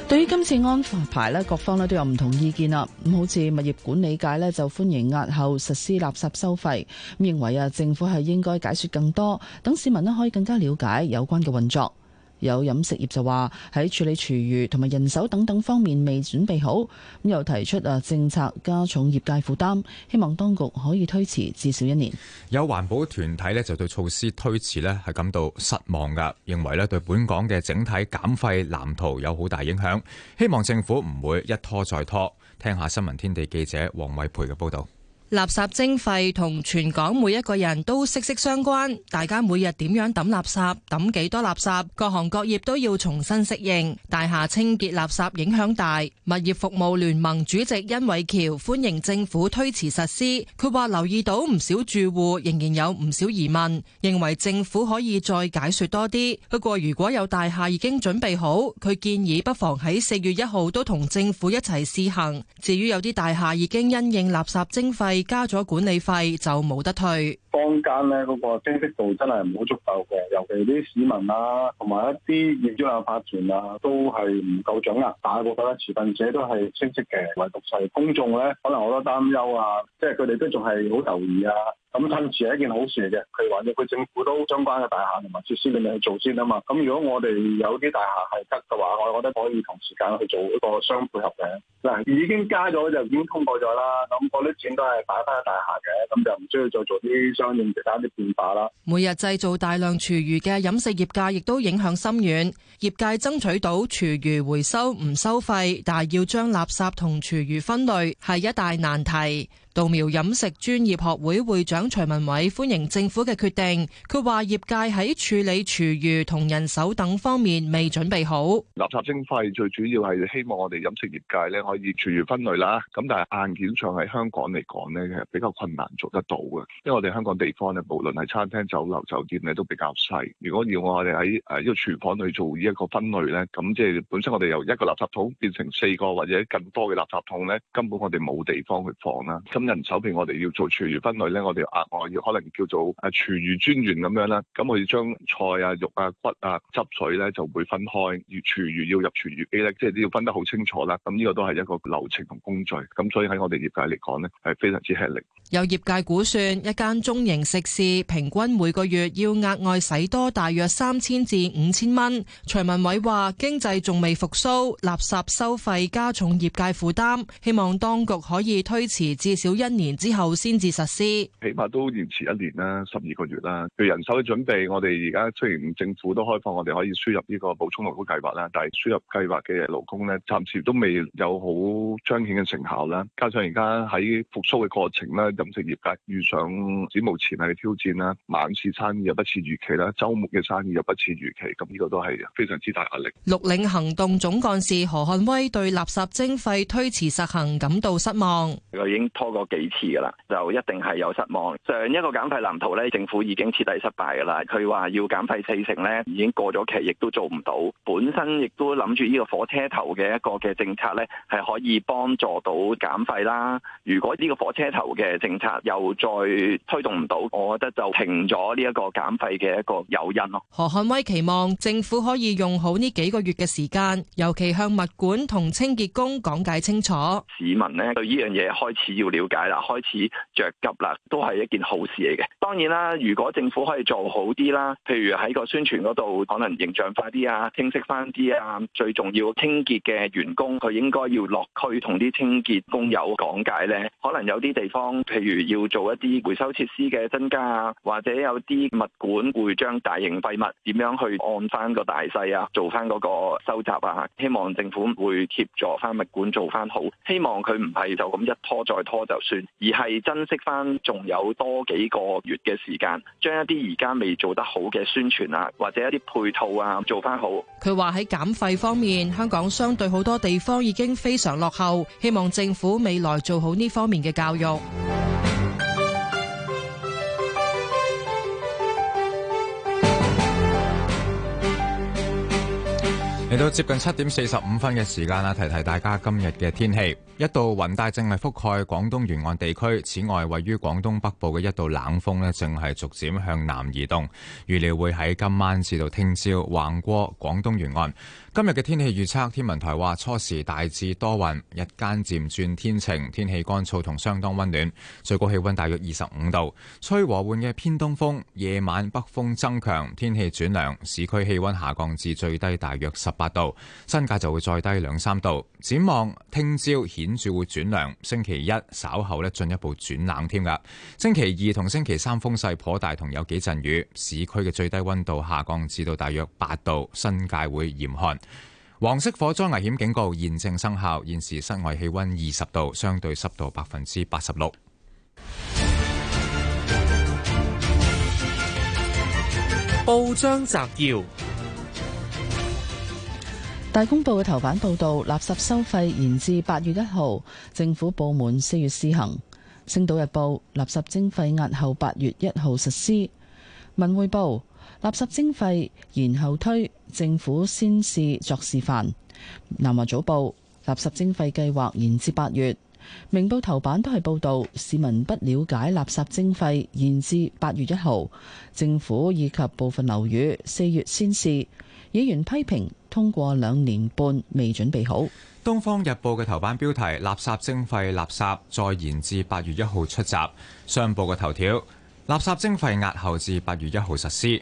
對於今次安排呢，各方咧都有唔同意見啊。咁好似物業管理界呢，就歡迎押後實施垃圾收費，咁認為啊，政府係應該解說更多，等市民咧可以更加了解有關嘅運作。有飲食業就話喺處理廚餘同埋人手等等方面未準備好，咁又提出啊政策加重業界負擔，希望當局可以推遲至少一年。有環保團體咧就對措施推遲咧係感到失望嘅，認為咧對本港嘅整體減廢藍圖有好大影響，希望政府唔會一拖再拖。聽下新聞天地記者黃偉培嘅報導。垃圾徵費同全港每一個人都息息相關，大家每日點樣抌垃圾、抌幾多垃圾，各行各業都要重新適應。大廈清潔垃圾影響大，物業服務聯盟主席殷偉橋歡迎政府推遲實施。佢話留意到唔少住戶仍然有唔少疑問，認為政府可以再解説多啲。不過如果有大廈已經準備好，佢建議不妨喺四月一號都同政府一齊試行。至於有啲大廈已經因應垃圾徵費。加咗管理費就冇得退。坊間咧嗰個清晰度真係唔好足夠嘅，尤其啲市民啊，同埋一啲業主立案法團啊，都係唔夠準啊。大家覺得持份者都係清晰嘅，唯獨係公眾咧，可能好多擔憂啊，即係佢哋都仲係好猶豫啊。咁趁住係一件好事嚟嘅，譬如話你去政府都相關嘅大廈同埋設施裡面去做先啊嘛。咁如果我哋有啲大廈係得嘅話，我覺得可以同時間去做一個相配合嘅。嗱，已經加咗就已經通過咗啦，咁嗰啲錢都係擺翻喺大廈嘅，咁就唔需要再做啲相應時間啲變化啦。每日製造大量廚餘嘅飲食業界亦都影響深遠，業界爭取到廚餘回收唔收費，但係要將垃圾同廚餘分類係一大難題。稻苗飲食專業學會會長徐文偉歡迎政府嘅決定，佢話業界喺處理廚餘同人手等方面未準備好。垃圾徵費最主要係希望我哋飲食業界咧可以廚餘分類啦，咁但係硬件上喺香港嚟講咧，其實比較困難做得到嘅，因為我哋香港地方咧，無論係餐廳、酒樓、酒店咧都比較細。如果要我哋喺誒一個廚房去做呢一個分類咧，咁即係本身我哋由一個垃圾桶變成四個或者更多嘅垃圾桶咧，根本我哋冇地方去放啦。本人手邊，我哋要做廚餘分類咧，我哋額外要可能叫做誒廚餘專員咁樣啦。咁我要將菜啊、肉啊、骨啊、汁水咧就會分開，越廚餘要入廚餘機咧，即係都要分得好清楚啦。咁呢個都係一個流程同工序。咁所以喺我哋業界嚟講咧，係非常之吃力。有業界估算，一間中型食肆平均每個月要額外使多大約三千至五千蚊。徐文偉話：經濟仲未復蘇，垃圾收費加重業界負擔，希望當局可以推遲至少。到一年之後先至實施，起碼都延遲一年啦，十二個月啦。對人手嘅準備，我哋而家雖然政府都開放我哋可以輸入呢個補充勞工計劃啦，但係輸入計劃嘅勞工呢，暫時都未有好彰顯嘅成效啦。加上而家喺復蘇嘅過程啦，飲食業界遇上史無前例嘅挑戰啦，晚市生意又不似預期啦，周末嘅生意又不似預期，咁呢個都係非常之大壓力。綠領行動總幹事何漢威對垃圾徵費推遲實行感到失望。過幾次噶啦，就一定係有失望。上一個減費藍圖咧，政府已經徹底失敗噶啦。佢話要減費四成咧，已經過咗期，亦都做唔到。本身亦都諗住呢個火車頭嘅一個嘅政策咧，係可以幫助到減費啦。如果呢個火車頭嘅政策又再推動唔到，我覺得就停咗呢一個減費嘅一個誘因咯。何漢威期望政府可以用好呢幾個月嘅時間，尤其向物管同清潔工講解清楚。市民咧對呢樣嘢開始要了。解啦，開始着急啦，都係一件好事嚟嘅。當然啦，如果政府可以做好啲啦，譬如喺個宣傳嗰度，可能形象化啲啊，清晰翻啲啊。最重要清潔嘅員工，佢應該要落區同啲清潔工友講解呢。可能有啲地方，譬如要做一啲回收設施嘅增加啊，或者有啲物管會將大型廢物點樣去按翻個大細啊，做翻嗰個收集啊。希望政府會協助翻物管做翻好，希望佢唔係就咁一拖再拖就，而係珍惜翻，仲有多幾個月嘅時間，將一啲而家未做得好嘅宣傳啊，或者一啲配套啊，做翻好。佢話喺減廢方面，香港相對好多地方已經非常落後，希望政府未來做好呢方面嘅教育。嚟到接近七點四十五分嘅時間啦，提提大家今日嘅天氣。一道雲帶正係覆蓋廣東沿岸地區，此外位於廣東北部嘅一道冷鋒呢，正係逐漸向南移動，預料會喺今晚至到聽朝橫過廣東沿岸。今日嘅天氣預測，天文台話初時大致多雲，日間漸轉天晴，天氣乾燥同相當溫暖，最高氣溫大約二十五度，吹和緩嘅偏東風，夜晚北風增強，天氣轉涼，市區氣溫下降至最低大約十八度，新界就會再低兩三度。展望聽朝顯著會轉涼，星期一稍後咧進一步轉冷添㗎，星期二同星期三風勢頗大同有幾陣雨，市區嘅最低溫度下降至到大約八度，新界會嚴寒。黃色火災危險警告現正生效。現時室外氣溫二十度，相對濕度百分之八十六。報章摘要：大公報嘅頭版報道，垃圾收費延至八月一號，政府部門四月施行。星島日報，垃圾徵費押後八月一號實施。文匯報。垃圾徵費延後推，政府先試作示範。南華早報垃圾徵費計劃延至八月。明報頭版都係報導市民不了解垃圾徵費延至八月一號，政府以及部分樓宇四月先試。議員批評通過兩年半未準備好。東方日報嘅頭版標題：垃圾徵費垃圾再延至八月一號出閘。商報嘅頭條：垃圾徵費押後至八月一號實施。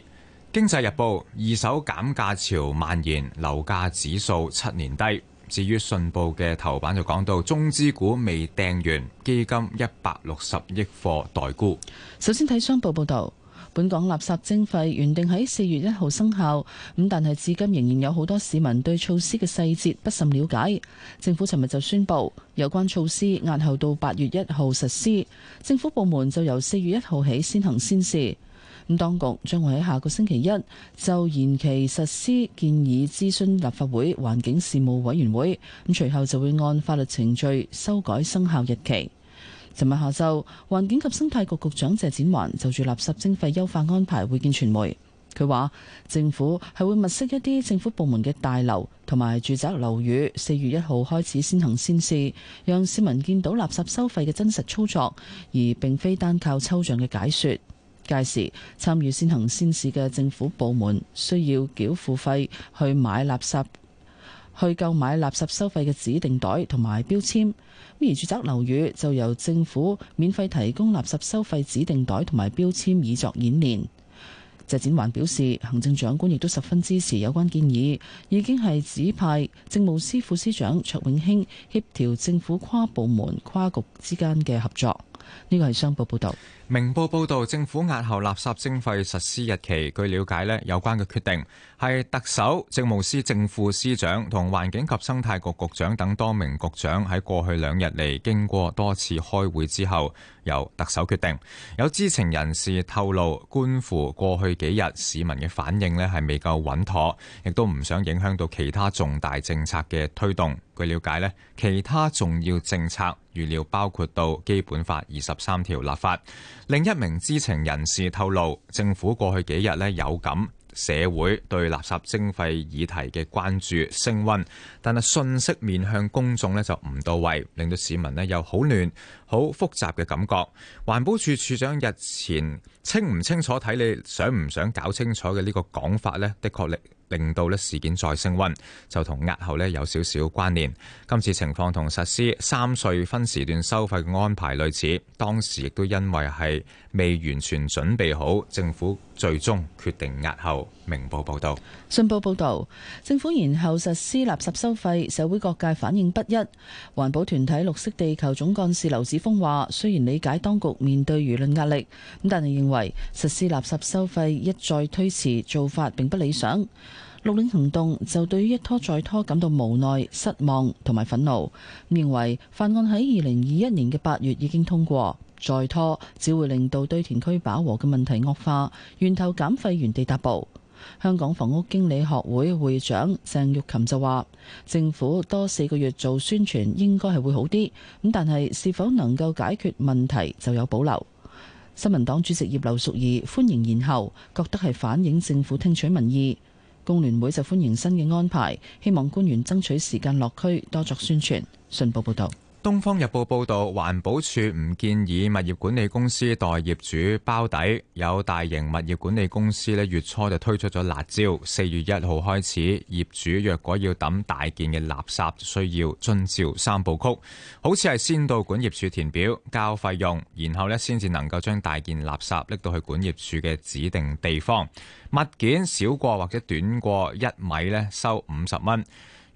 經濟日報二手減價潮蔓延，樓價指數七年低。至於信報嘅頭版就講到，中資股未掟完，基金一百六十億貨待沽。首先睇商報報道，本港垃圾徵費原定喺四月一號生效，咁但係至今仍然有好多市民對措施嘅細節不甚了解。政府尋日就宣布，有關措施押後到八月一號實施。政府部門就由四月一號起先行先試。咁，當局將會喺下個星期一就延期實施建議諮詢立法會環境事務委員會，咁隨後就會按法律程序修改生效日期。尋日下晝，環境及生態局局長謝展寰就住垃圾徵費優化安排會見傳媒，佢話：政府係會物色一啲政府部門嘅大樓同埋住宅樓宇，四月一號開始先行先試，讓市民見到垃圾收費嘅真實操作，而並非單靠抽象嘅解說。屆時參與先行先試嘅政府部門需要繳付費去買垃圾去購買垃圾收費嘅指定袋同埋標籤，而住宅樓宇就由政府免費提供垃圾收費指定袋同埋標籤以作演練。謝展寰表示，行政長官亦都十分支持有關建議，已經係指派政務司副司長卓永興協調政府跨部門、跨局之間嘅合作。呢個係商報報導。明報報導，政府押後垃圾徵費實施日期。據了解咧，有關嘅決定係特首、政務司正副司長同環境及生態局局長等多名局長喺過去兩日嚟經過多次開會之後。由特首決定。有知情人士透露，關乎過去幾日市民嘅反應呢，係未夠穩妥，亦都唔想影響到其他重大政策嘅推動。據了解呢，其他重要政策預料包括到《基本法》二十三條立法。另一名知情人士透露，政府過去幾日呢，有咁。社會對垃圾徵費議題嘅關注升溫，但係信息面向公眾呢就唔到位，令到市民呢又好亂、好複雜嘅感覺。環保署署長日前清唔清楚、睇你想唔想搞清楚嘅呢個講法呢，的確令令到呢事件再升溫，就同押後呢有少少關聯。今次情況同實施三隧分時段收費嘅安排類似，當時亦都因為係未完全準備好政府。最終決定押後。明報報道，信報報道，政府延後實施垃圾收費，社會各界反應不一。環保團體綠色地球總幹事劉子峰話，雖然理解當局面對輿論壓力，咁但係認為實施垃圾收費一再推遲做法並不理想。綠領行動就對於一拖再拖感到無奈、失望同埋憤怒，認為法案喺二零二一年嘅八月已經通過。再拖，只會令到堆填區飽和嘅問題惡化，源頭減廢原地踏步。香港房屋經理學會會長鄭玉琴就話，政府多四個月做宣傳，應該係會好啲，咁但係是,是否能夠解決問題就有保留。新民黨主席葉劉淑儀歡迎延後，覺得係反映政府聽取民意。工聯會就歡迎新嘅安排，希望官員爭取時間落區多作宣傳。信報報道。《東方日報》報道，環保署唔建議物業管理公司代業主包底。有大型物業管理公司咧，月初就推出咗辣招。四月一號開始，業主若果要抌大件嘅垃圾，需要遵照三步曲。好似係先到管業處填表交費用，然後咧先至能夠將大件垃圾拎到去管業處嘅指定地方。物件少過或者短過一米咧，收五十蚊。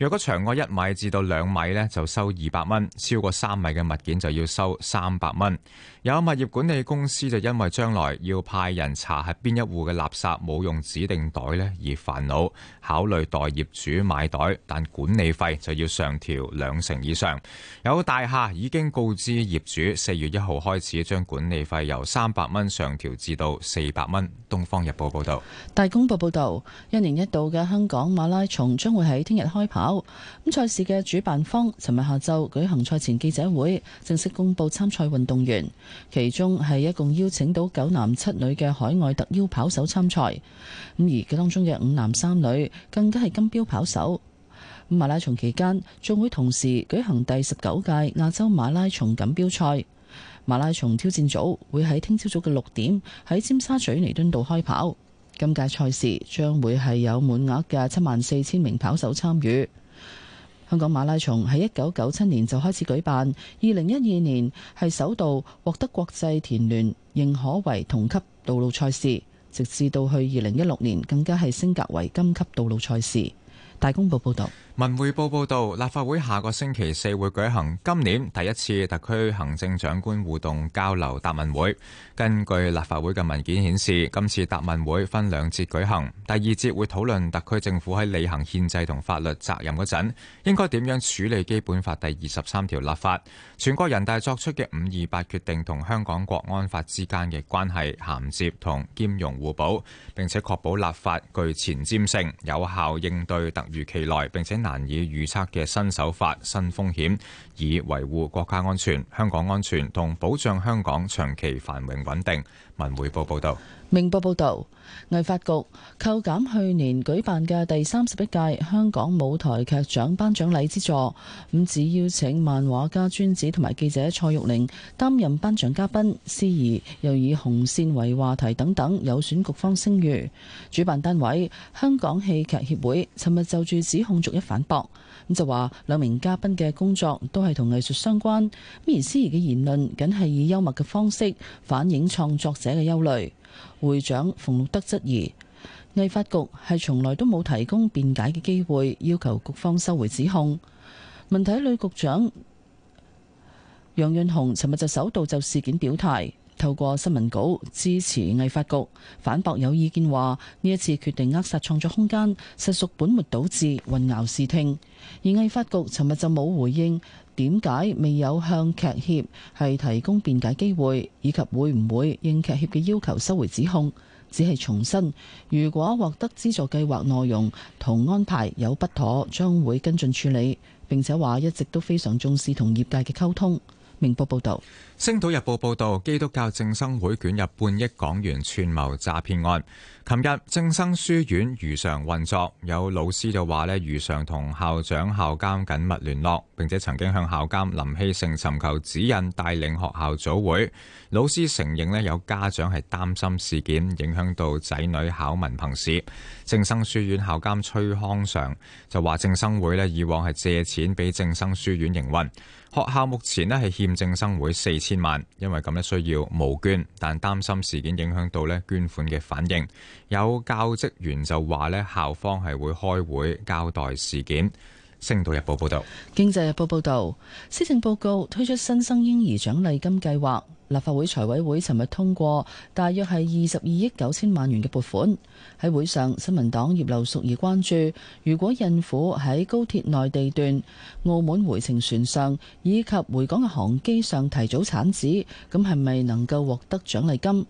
若果長過一米至到兩米呢，就收二百蚊；超過三米嘅物件就要收三百蚊。有物業管理公司就因為將來要派人查係邊一戶嘅垃圾冇用指定袋咧，而煩惱考慮代業主買袋，但管理費就要上調兩成以上。有大廈已經告知業主，四月一號開始將管理費由三百蚊上調至到四百蚊。東方日報報道，大公報報道，一年一度嘅香港馬拉松將會喺聽日開跑。咁賽事嘅主辦方尋日下晝舉行賽前記者會，正式公布參賽運動員。其中係一共邀請到九男七女嘅海外特邀跑手參賽，咁而佢當中嘅五男三女更加係金標跑手。咁馬拉松期間，仲會同時舉行第十九屆亞洲馬拉松錦標賽。馬拉松挑戰組會喺聽朝早嘅六點喺尖沙咀彌敦道開跑。今屆賽事將會係有滿額嘅七萬四千名跑手參與。香港馬拉松喺一九九七年就開始舉辦，二零一二年係首度獲得國際田聯認可為銅級道路賽事，直至到去二零一六年更加係升格為金級道路賽事。大公報報道。文匯報報道，立法會下個星期四會舉行今年第一次特區行政長官互動交流答問會。根據立法會嘅文件顯示，今次答問會分兩節舉行，第二節會討論特區政府喺履行憲制同法律責任嗰陣，應該點樣處理《基本法》第二十三條立法、全國人大作出嘅五二八決定同香港國安法之間嘅關係銜接同兼容互補，並且確保立法具前瞻性，有效應對突如其來並且難。難以預測嘅新手法、新風險，以維護國家安全、香港安全同保障香港長期繁榮穩定。文匯報報道，明報報道，藝發局扣減去年舉辦嘅第三十一屆香港舞台劇獎頒獎禮資助，唔止邀請漫畫家專子同埋記者蔡玉玲擔任頒獎嘉賓，司儀、e，又以紅綫為話題等等，有損局方聲譽。主辦單位香港戲劇協會尋日就住指控逐一反駁。就話兩名嘉賓嘅工作都係同藝術相關，而思儀嘅言論僅係以幽默嘅方式反映創作者嘅憂慮。會長馮祿德質疑，藝發局係從來都冇提供辯解嘅機會，要求局方收回指控。文體旅局長楊潤雄尋日就首度就事件表態。透過新聞稿支持藝發局反駁，有意見話呢一次決定扼殺創作空間，實屬本末倒置、混淆視聽。而藝發局尋日就冇回應點解未有向劇協係提供辯解機會，以及會唔會應劇協嘅要求收回指控，只係重申如果獲得資助計劃內容同安排有不妥，將會跟進處理。並且話一直都非常重視同業界嘅溝通。明報報導。星島日報報道，基督教正生會捲入半億港元串謀詐騙案。琴日，正生書院如常運作，有老師就話咧如常同校長、校監緊密聯絡，並且曾經向校監林希盛尋求指引帶領學校組會。老師承認咧有家長係擔心事件影響到仔女考文憑試。正生書院校監崔康常就話正生會咧以往係借錢俾正生書院營運，學校目前咧係欠正生會四千。千萬，因為咁樣需要募捐，但擔心事件影響到咧捐款嘅反應。有教職員就話咧，校方係會開會交代事件。星島日報報道，經濟日報報道，施政報告推出新生嬰兒獎勵金計劃。立法會財委會尋日通過，大約係二十二億九千萬元嘅撥款。喺會上，新民黨葉劉淑儀關注，如果孕婦喺高鐵內地段、澳門回程船上以及回港嘅航機上提早產子，咁係咪能夠獲得獎勵金？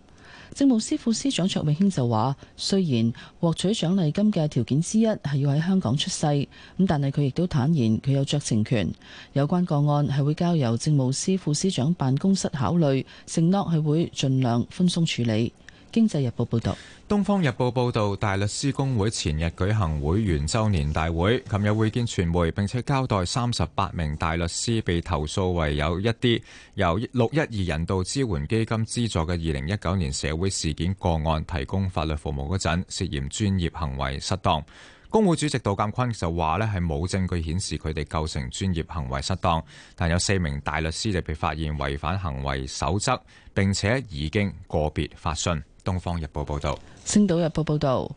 政務司副司長卓永興就話，雖然獲取獎勵金嘅條件之一係要喺香港出世，咁但係佢亦都坦言佢有酌情權，有關個案係會交由政務司副司長辦公室考慮，承諾係會盡量寬鬆處理。《經濟日報》報道，《東方日報》報道，大律師公會前日舉行會員週年大會，琴日會見傳媒，並且交代三十八名大律師被投訴，為有一啲由六一二人道支援基金資助嘅二零一九年社會事件個案提供法律服務嗰陣，涉嫌專業行為失當。公會主席杜鑑坤就話咧，係冇證據顯示佢哋構成專業行為失當，但有四名大律師就被發現違反行為守則，並且已經個別發信。《東方日報》報導，《星島日報》報導，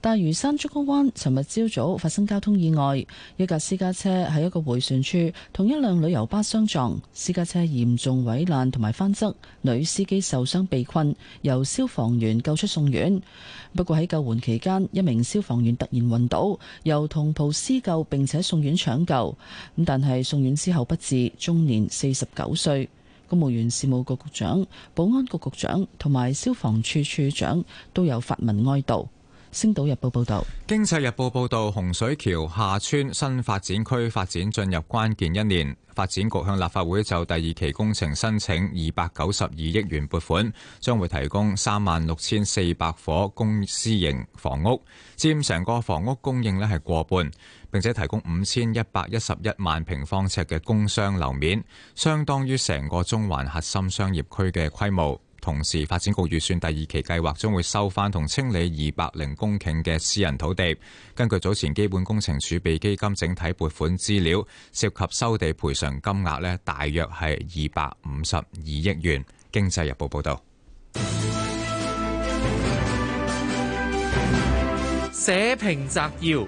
大嶼山竹篙灣尋日朝早發生交通意外，一架私家車喺一個回旋處同一輛旅遊巴相撞，私家車嚴重毀爛同埋翻側，女司機受傷被困，由消防員救出送院。不過喺救援期間，一名消防員突然暈倒，由同袍施救並且送院搶救，咁但係送院之後不治，終年四十九歲。公務員事務局局長、保安局局長同埋消防處處長都有發文哀悼。星島日報報道，經濟日報報道，洪水橋廈村新發展區發展進入關鍵一年，發展局向立法會就第二期工程申請二百九十二億元撥款，將會提供三萬六千四百伙公私營房屋，佔成個房屋供應呢係過半，並且提供五千一百一十一萬平方尺嘅工商樓面，相當於成個中環核心商業區嘅規模。同時，發展局預算第二期計劃將會收返同清理二百零公頃嘅私人土地。根據早前基本工程儲備基金整體撥款資料，涉及收地賠償金額呢大約係二百五十二億元。經濟日報報導。社評摘要，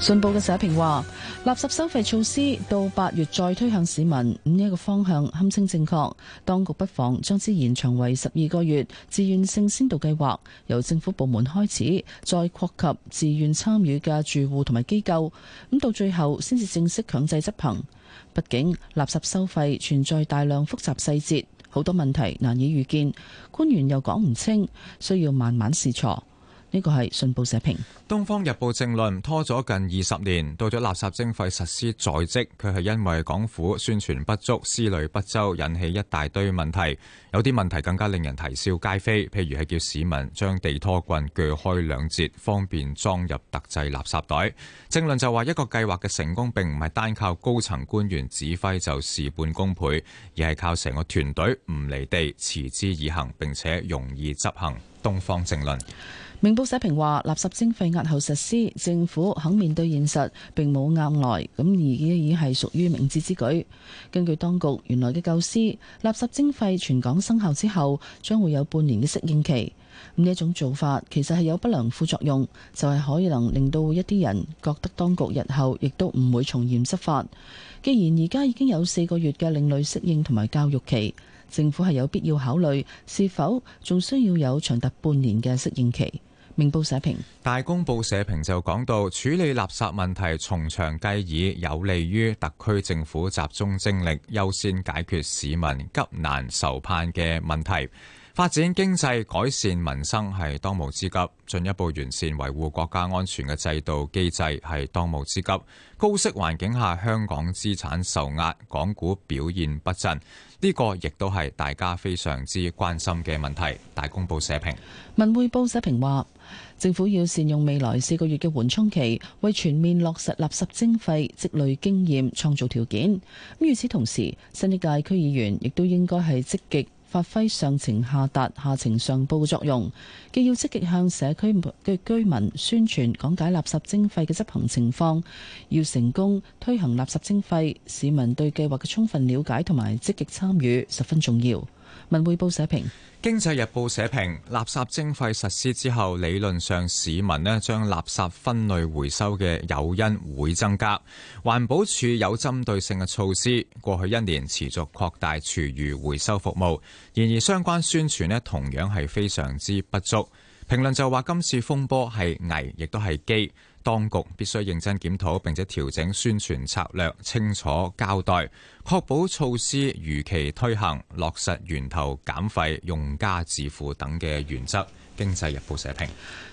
信報嘅社評話。垃圾收費措施到八月再推向市民，呢一個方向堪稱正確。當局不妨將之延長為十二個月自願性先導計劃，由政府部門開始，再擴及自願參與嘅住戶同埋機構。咁到最後先至正式強制執行。畢竟垃圾收費存在大量複雜細節，好多問題難以預見，官員又講唔清，需要慢慢試錯。呢個係信報社評《東方日報》正論拖咗近二十年，到咗垃圾徵費實施在即，佢係因為港府宣傳不足、思慮不周，引起一大堆問題。有啲問題更加令人啼笑皆非，譬如係叫市民將地拖棍鋸開兩截，方便裝入特製垃圾袋。正論就話一個計劃嘅成功，並唔係單靠高層官員指揮就事半功倍，而係靠成個團隊唔離地、持之以恒，並且容易執行。東方正論。明報社評話：垃圾徵費押後實施，政府肯面對現實並冇硬來，咁而已已係屬於明智之舉。根據當局原來嘅構思，垃圾徵費全港生效之後，將會有半年嘅適應期。咁呢一種做法其實係有不良副作用，就係、是、可以能令到一啲人覺得當局日後亦都唔會重嚴執法。既然而家已經有四個月嘅令類適應同埋教育期，政府係有必要考慮是否仲需要有長達半年嘅適應期。明報社評，大公報社評就講到，處理垃圾問題從長計議，有利於特區政府集中精力，優先解決市民急難愁盼嘅問題。發展經濟、改善民生係當務之急；進一步完善、維護國家安全嘅制度機制係當務之急。高息環境下，香港資產受壓，港股表現不振，呢個亦都係大家非常之關心嘅問題。大公報社評，文匯報社評話，政府要善用未來四個月嘅緩衝期，為全面落實垃圾徵費積累經驗、創造條件。咁與此同時，新一屆區議員亦都應該係積極，發揮上情下達、下情上報嘅作用，既要積極向社區嘅居民宣傳、講解垃圾徵費嘅執行情況。要成功推行垃圾徵費，市民對計劃嘅充分了解同埋積極參與十分重要。文匯報社評，《經濟日報》社評：垃圾徵費實施之後，理論上市民呢將垃圾分類回收嘅誘因會增加。環保署有針對性嘅措施，過去一年持續擴大廚餘回收服務。然而相關宣傳呢同樣係非常之不足。評論就話今次風波係危，亦都係機。當局必須認真檢討，並且調整宣傳策略，清楚交代，確保措施如期推行落實，源頭減廢、用家自付等嘅原則。《經濟日報》社評。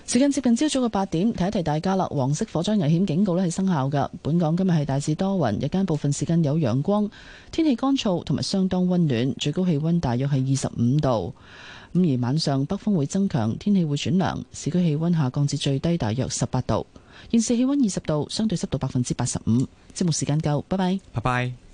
時間接近朝早嘅八點，提一提大家啦。黃色火災危險警告咧係生效噶。本港今日係大致多雲，日間部分時間有陽光，天氣乾燥，同埋相當溫暖，最高氣溫大約係二十五度。咁而晚上北風會增強，天氣會轉涼，市區氣溫下降至最低大約十八度。現時氣溫二十度，相對濕度百分之八十五。節目時間夠，拜拜。拜拜。